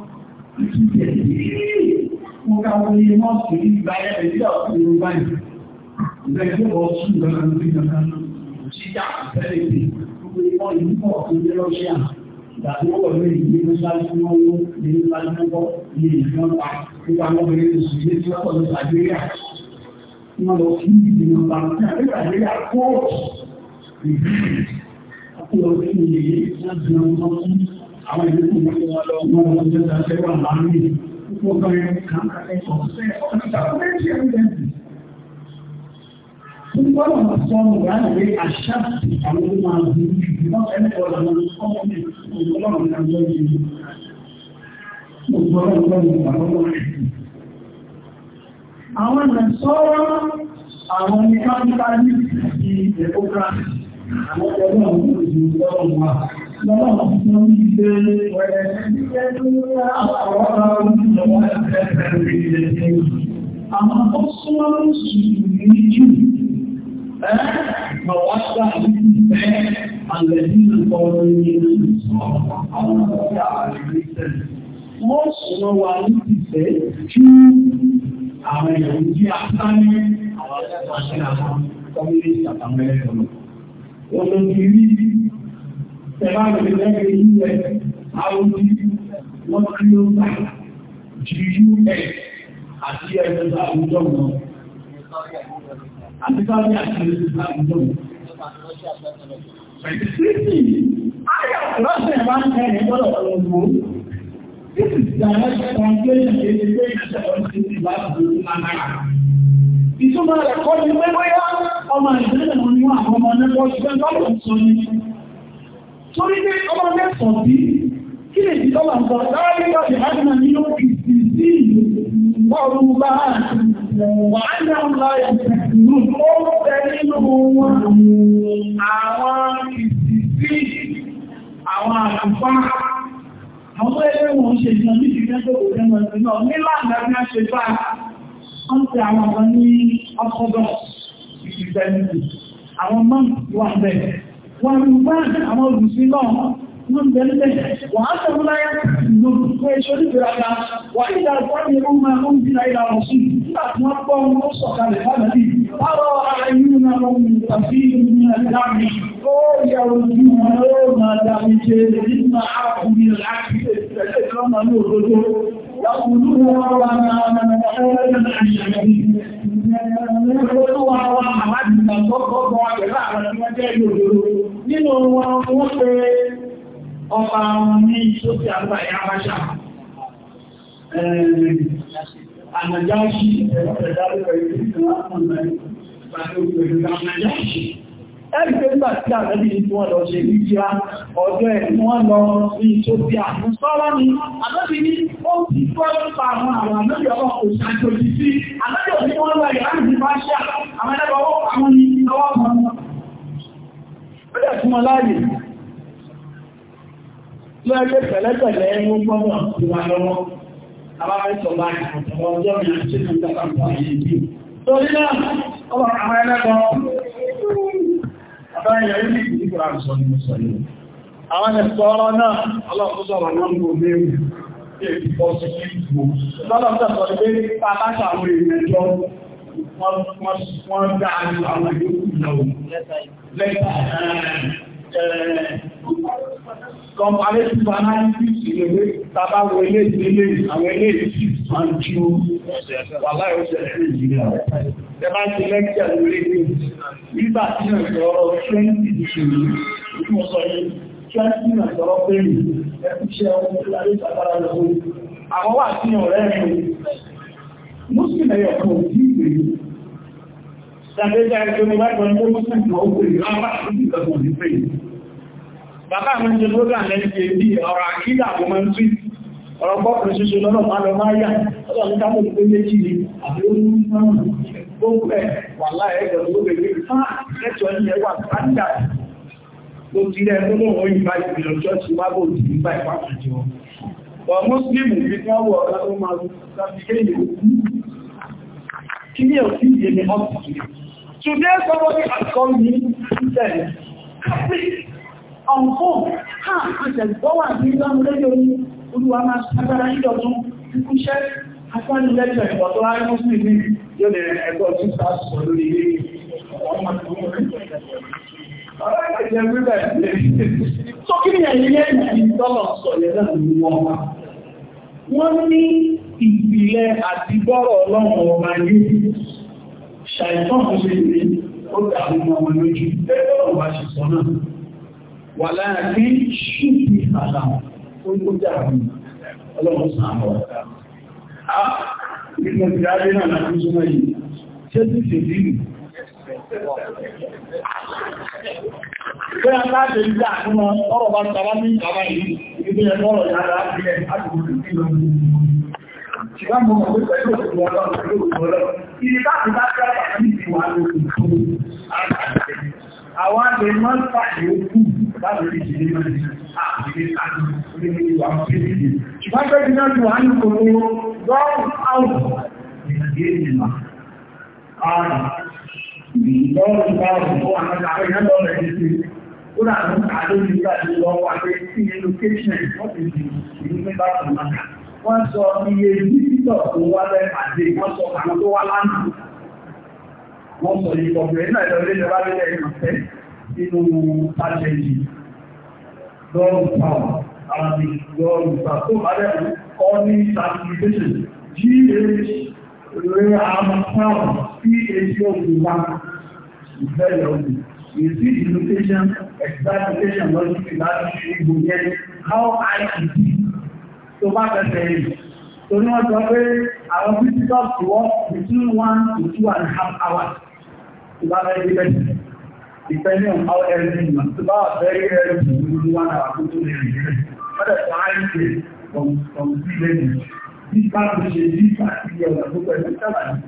Mo ká wọ́n ní mọ́sùn ní ìgbáyẹ̀ ìdílé ọ̀pọ̀ Yorùbá yìí. Ìbẹ̀rẹ̀ tó wọ́n sùn lọ́nà ní ìjọba. Ṣíjà àpẹẹrẹ ìpè, gbogbo ìmọ̀ ìlú pọ̀ tó dé lọ́ṣíà. Ìgbàtí wọ́n wọ̀ lórí ìgbé mọ́ṣáláṣí wọn wó ní ìlú ní ìkan pa. Nípa lọ́bẹ̀rẹ̀ oṣù ilé tí wọ́n pọ̀ ní Nàìjíríà. Wọ́n lọ sí ìgbìmọ̀ bàbá Nàìjíríà kóòtù. Ìgbìmọ̀ àti ọ̀rẹ́ ìlú àwọn ìlú mú wọn lọ mọ́ wọn jẹ́ tàbẹ́wà láàrin púpọ̀ kọrin kàńkàlẹ̀ ọ̀sẹ̀ ọ̀dọ́dọ́mẹ́sì ẹ̀rẹ́dẹ̀sì púpọ̀ lọ́nà sọ́nù láàrin àṣà àwọn ọmọ àgbẹ̀ ìgbìmọ̀ ẹ̀kọ́ làwọn ọmọ àwọn nàìsọ́rọ̀ àwọn ní káńkàlẹ̀ ti lọ́wọ́ tó ń gbé wẹ̀rẹ̀ ní ẹgbẹ́ àwọn ará orílẹ̀-èdè wọn ẹgbẹ́ ìrìnlẹ̀ ní àwọn tó súnmọ́ lóṣù ní jù ẹ́ bọ̀wọ́ sá ìfẹ́ àlẹ́dínà kọrin ní àwọn ọ̀gá àrílẹ̀ wọ́n sọ̀rọ̀ wà ní ìfẹ́ kí àwọn èèyàn jí àtàrí àwọn akẹ́kọ̀ọ́ sí àwọn kọ́mílẹ̀ ìsàtàmẹ́lẹ́ ọ̀nà tẹ̀bá rẹ̀ lẹ́gbẹ̀ẹ́ US Audi wọ́n kí ó bá GUS àti ẹgbẹ̀ta àwùjọ mọ́ àti sáwọ́dí àti ẹgbẹ̀ta àwùjọ mọ́ This is direct translation in the way that the city last to Manara. Ìtumọ̀ rẹ̀ kọ́ ni pé bóyá ọmọ ìdílé wọn ni wọ́n àwọn ọmọ ọ̀nẹ́kọ́ ṣùgbọ́n lọ́pọ̀ sọ ní torí pé ọmọ mẹ́sàn-án bí kí lè fi tọ́lá ń sọ láàrin lọ́dẹ̀ ádùnà ní ó fi sí sí ọrùn bá wà á ní àwọn láyé ìlú ó fẹ́ nínú wọn àwọn ìsìsí àwọn àkùfá àwọn ẹgbẹ́ wọn ṣe ìjọ ní ìgbẹ́ tó kò jẹ́ mọ̀ ìrìnà nílànà ní a ṣe bá wọ́n ti àwọn ọmọ ní ọkọ̀dọ̀ ìgbẹ́ni àwọn mọ́ wà bẹ́ẹ̀ wọ́n ń bá àwọn olùsí náà wọ́n bẹ̀rẹ̀ wọ́n á sọ̀rọ̀ láyé lòpùpù ẹ̀ṣọ́ ní ìgbéraga wọ́n ìdá ìpọ́nì ẹ̀rọ máa ń bí láyé àwọn sí nígbà tí wọ́n gbọ́ ń sọ̀kalẹ̀ lábẹ́lì báwọ̀ ara yìí náà wọ́n mú tàbí ìrìn àjá mi ó yà ojú wọn ó máa dá mi jẹ nígbà ákùnrin láti ẹ̀ṣẹ̀ lọ́nà ní òdodo Yàkùnrin wọn wà náà ẹ̀rọ ìrìn àjá mi. àgbà ìyábáṣà ànàjáṣì ẹgbẹ́ ìgbà tí àgbẹ́bí ní wọ́n lọ ṣe ní jíra ọjọ́ ẹ̀ wọ́n lọ sí Ethiopia sọ́rọ́ ni àgbẹ́bí ní ó ti kọ́ nípa àwọn àwọn àgbẹ́bí ọkọ̀ kò ṣàjòjì sí àgbẹ́bí òní wọ́n lọ ìránìí bá ṣe àwọn ẹgbẹ́ ọkọ̀ àwọn ní ọwọ́ kan lórí pẹ̀lẹ́pẹ̀lẹ́ ẹ̀mú gbọ́nà ti wà lọ́wọ́ abáfẹ́sọ̀lá àtàwọn ọjọ́ ìrìnàṣẹ́ ìjọba ìbí torí náà ọwọ́ àwọn ẹlẹ́gbọ́n àbáyẹ̀ ìlú ìgbìyànjú àrùsọ̀ ní ìsọ̀lẹ̀ àwọn ẹ̀sọ́rọ̀ náà ọlọ́pùsọ̀rọ̀ náà ń gbò mẹ́rin èdè pọ̀ sí ìgbò lọ́lọ́pùsọ̀rọ̀ pé pàtàkì àwọn èèyàn wọ́n dá àwọn ìlú ìlú lẹ́ta comparative analysis ìrẹ̀lẹ́ tàbá wọlé ìdílé àwọn ilé ìsì máa ń ju wà láì ó ṣẹlẹ̀ Nàìjíríà tẹbá ti lẹ́kíà lórí ẹgbẹ́ nígbà tí ó sọ̀rọ̀ 20 ìṣòro ojú ọ̀sọ̀ yìí 20 náà sọ̀rọ̀ pẹ̀lú ẹkùṣẹ́ ọmọ ìlàrí ìtàkàrà lọ́wọ́ àwọn wà sí ọ̀rẹ́ ẹ̀rùn Muslim ẹ̀yọ̀ ó pè bàbá mi jẹ lórí àlẹ́lẹ́gbẹ̀ bí ọ̀rọ̀ àkídà kò mọ́ tí ọ̀rọ̀ bọ́kùnrin ṣíṣe lọ́nà máa lọ máa yà ọ̀dọ̀ ní káàkiri pé méjì ni àbí ó ní márùn-ún gbogbo ẹ̀ wà láẹ̀ẹ́gbẹ̀rún ló bèèrè fún ẹ̀tọ́ ní ẹwà sáńdà ló ti rẹ̀ tó lóòrùn ìgbà ìgbìyànjú ọjọ́ ti wá bò ní ìgbà ìpàtàkì jọ wọ mọ́sílìmù bí wọ́n wọ ọ̀gá tó máa rú sáfíkẹ́ ìlú kí ní òsì ìyẹni ọ́pùtù Today somebody has called me and said, ọ̀nkọ́ ha àtẹ̀gbọ́wà ní ìdánilẹ́jọ́ ní olúwa máa ṣàgbára ìdọ̀tún ikúṣẹ́ afánilẹ́jọ́ ìpọ̀tọ́ ayọ́sùn ní yóò lè ẹgbọ́ tí sáàsùn lórí ilé Wọ́n ní ìpìlẹ̀ àti bọ́rọ̀ ọlọ́run ọmọ ayé, ṣàìtàn fún ṣe ìrìn ó dàbí ọmọ lójú, ẹgbẹ́ ọmọ àṣìṣọ́ náà wà láàrin ṣùgbì àlà tó ló dàbí ọlọ́run sàánà ọ̀dá. a nínú ìdájé náà láti súnmọ́ yìí ṣé tí ṣe dínú Bẹ́ẹ̀ láti rí àkúnmọ́ ọ̀rọ̀ bá tàbá ní ìjọba yìí, ibi ẹ̀kọ́ ọ̀rọ̀ yára bí ẹ̀ láti mú sí ìlọ́gbọ̀n. Ṣìgbọ́n mọ́ mọ̀ pẹ̀lú ọ̀rọ̀ ọ̀rọ̀ ọ̀rọ̀ àwọn àti máa ń pàdé òkú láti rí ìdílé náà ní àbílé àti orílẹ̀ ìwà òkèlè. Ṣùgbọ́n pé bí náà tó wà ní kòrò gọ́ọ̀rùn áwọ̀ ìrìnàjò ìrìnà. Ààrùn ìgbọ́rùn bá ọ̀rùn fún àwọn àkàrẹ̀ yẹn lọ́rẹ̀ ní ti. Ó dà ní àdó ní ìgbà tí wọ́n wà pé sí ẹlòkéṣẹ̀ wọ́n ti di ìlú mẹ́ta tó máa. Wọ́n sọ iye ìdíjítọ̀ tó wá lẹ́ wọ́n sọ yìí kọ̀ọ̀kẹ́ náà lọ lé lọ́wọ́ lé ẹ̀yìn ọ̀fẹ́ nínú pàṣẹjì lọ́rùn pàwọ̀ àti lọ́rùn pàtó àdẹ́kù all new certification gh rẹ̀ àmàpáwọ̀ phd You see the location, exact location, logic, that you will get how high it is. So back at the So you know what I Our visitors work between one to two and a half hours. Subhana is depending on how everything is. Subhana very rarely will do one hour to two But the time is from from three days. This can't be changed. This can't be your book and seven.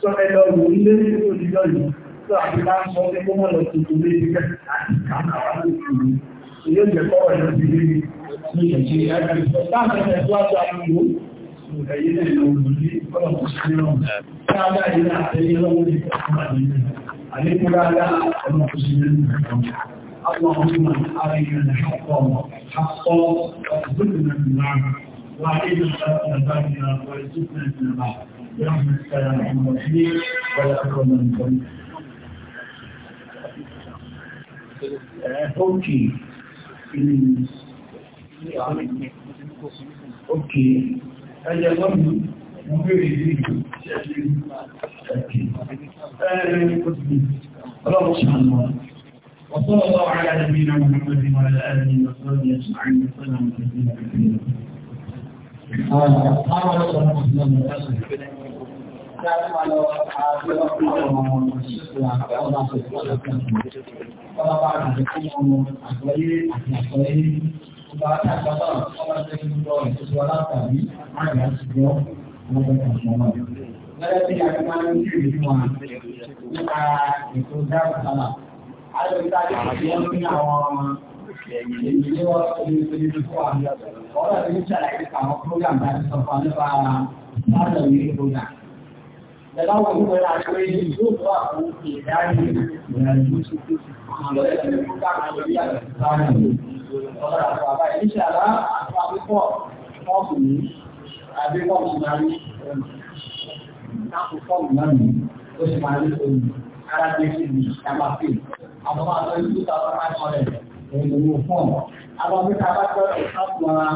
So I don't know. we need to do it, so I can't solve the problem to two days because I can't have it. So you just go and do it. So that's the situation you. مكيدة للمولودين فلا تسخيرهم فعلا إلى أعتيرهم للأسماء عليكم لا المحسنين اللهم أرينا حقا حقا وأخذنا من معنا وعيد الشرق لبعنا ويزدنا من بعض برحمتك يا رحمة الرحيم ولا أكرم من كل Okay. Okay. ẹyẹ lọ́nà mo bèèrè ìlú وصلى الله على نبينا محمد وعلى اله وصحبه اجمعين وسلم تسليما كثيرا. قال قال رسول الله صلى الله عليه وسلم Thank you. ọba àtàkàbà ọba tẹ́lẹ̀ lọ ìṣòṣò alátàbí àyà ṣùgbọ́n wọn bẹ kàn fún ọmọ rẹ. Lọ́jọ́ tí a ti máa ń kí ìlú nípa ètò dáàbò sálà. A ìṣẹ́ ní àwọn ìdílé láti sọ fún nípa sáàlọ̀ ní program. Bẹ̀rẹ̀ àwọn ìwé ra pé yóò wà fún ìdáyé ìrìnàjò àwọn ọ̀rẹ́ ti ń kó káàkiri àti sáàlọ̀ ọ̀dọ̀ àti bàbá yìí ṣàlá àti àbíkọ́ fọ́ọ̀mù yìí àbíkọ́ mi máa rí ẹ̀rù fọ́ọ̀mù náà nì ó sì máa rí ẹ̀rù ara gbé sí mi ìjàmbá pè àwọn máa lọ sí ìjọba máa kọ́ rẹ̀ ẹ̀rù owó fọ́ọ̀mù àwọn ọmọ ìta bá tọ́ ìsáàpù ara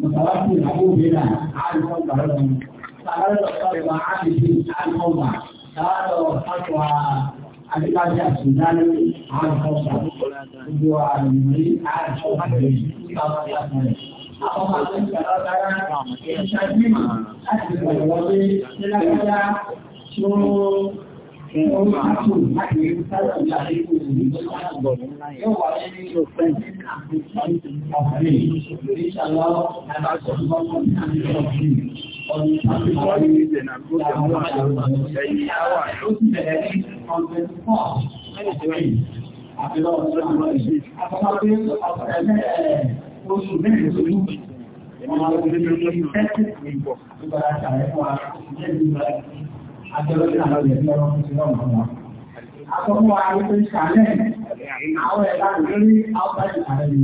mùsàlápù ìyàwó mi náà á rí fọ́ọ̀mù bàrẹ̀ wọn. sàlẹ́ lọ́sọ̀rọ̀ àti káàdì àjọṣà gbogbo àmì àjọ Àwọn àti ìgbàlára ìṣàgbìmọ̀ láti ìgbàlọ́wọ́lé nílágbára tí ó ń pàtó láti rí sára ìlàlẹ́kùn ìgbàlọ́wọ́. Yóò wà ní ọ̀fẹ́ ìgbàlọ́wọ́ Oṣù mẹ́rin tó ní ọmọ ọdún ní ẹgbẹ̀rẹ̀ ìgbọ̀. Ìgbàra ṣàrẹ́fọ́ àjọ́lọ́dún àwọn ìrìnlọ́rọ̀ ọmọ ọmọ ọmọ. Àkọ́kọ́ àwọn ìpínṣà lẹ́yìn àwọn ẹ̀lá lórí outside ìpàdé.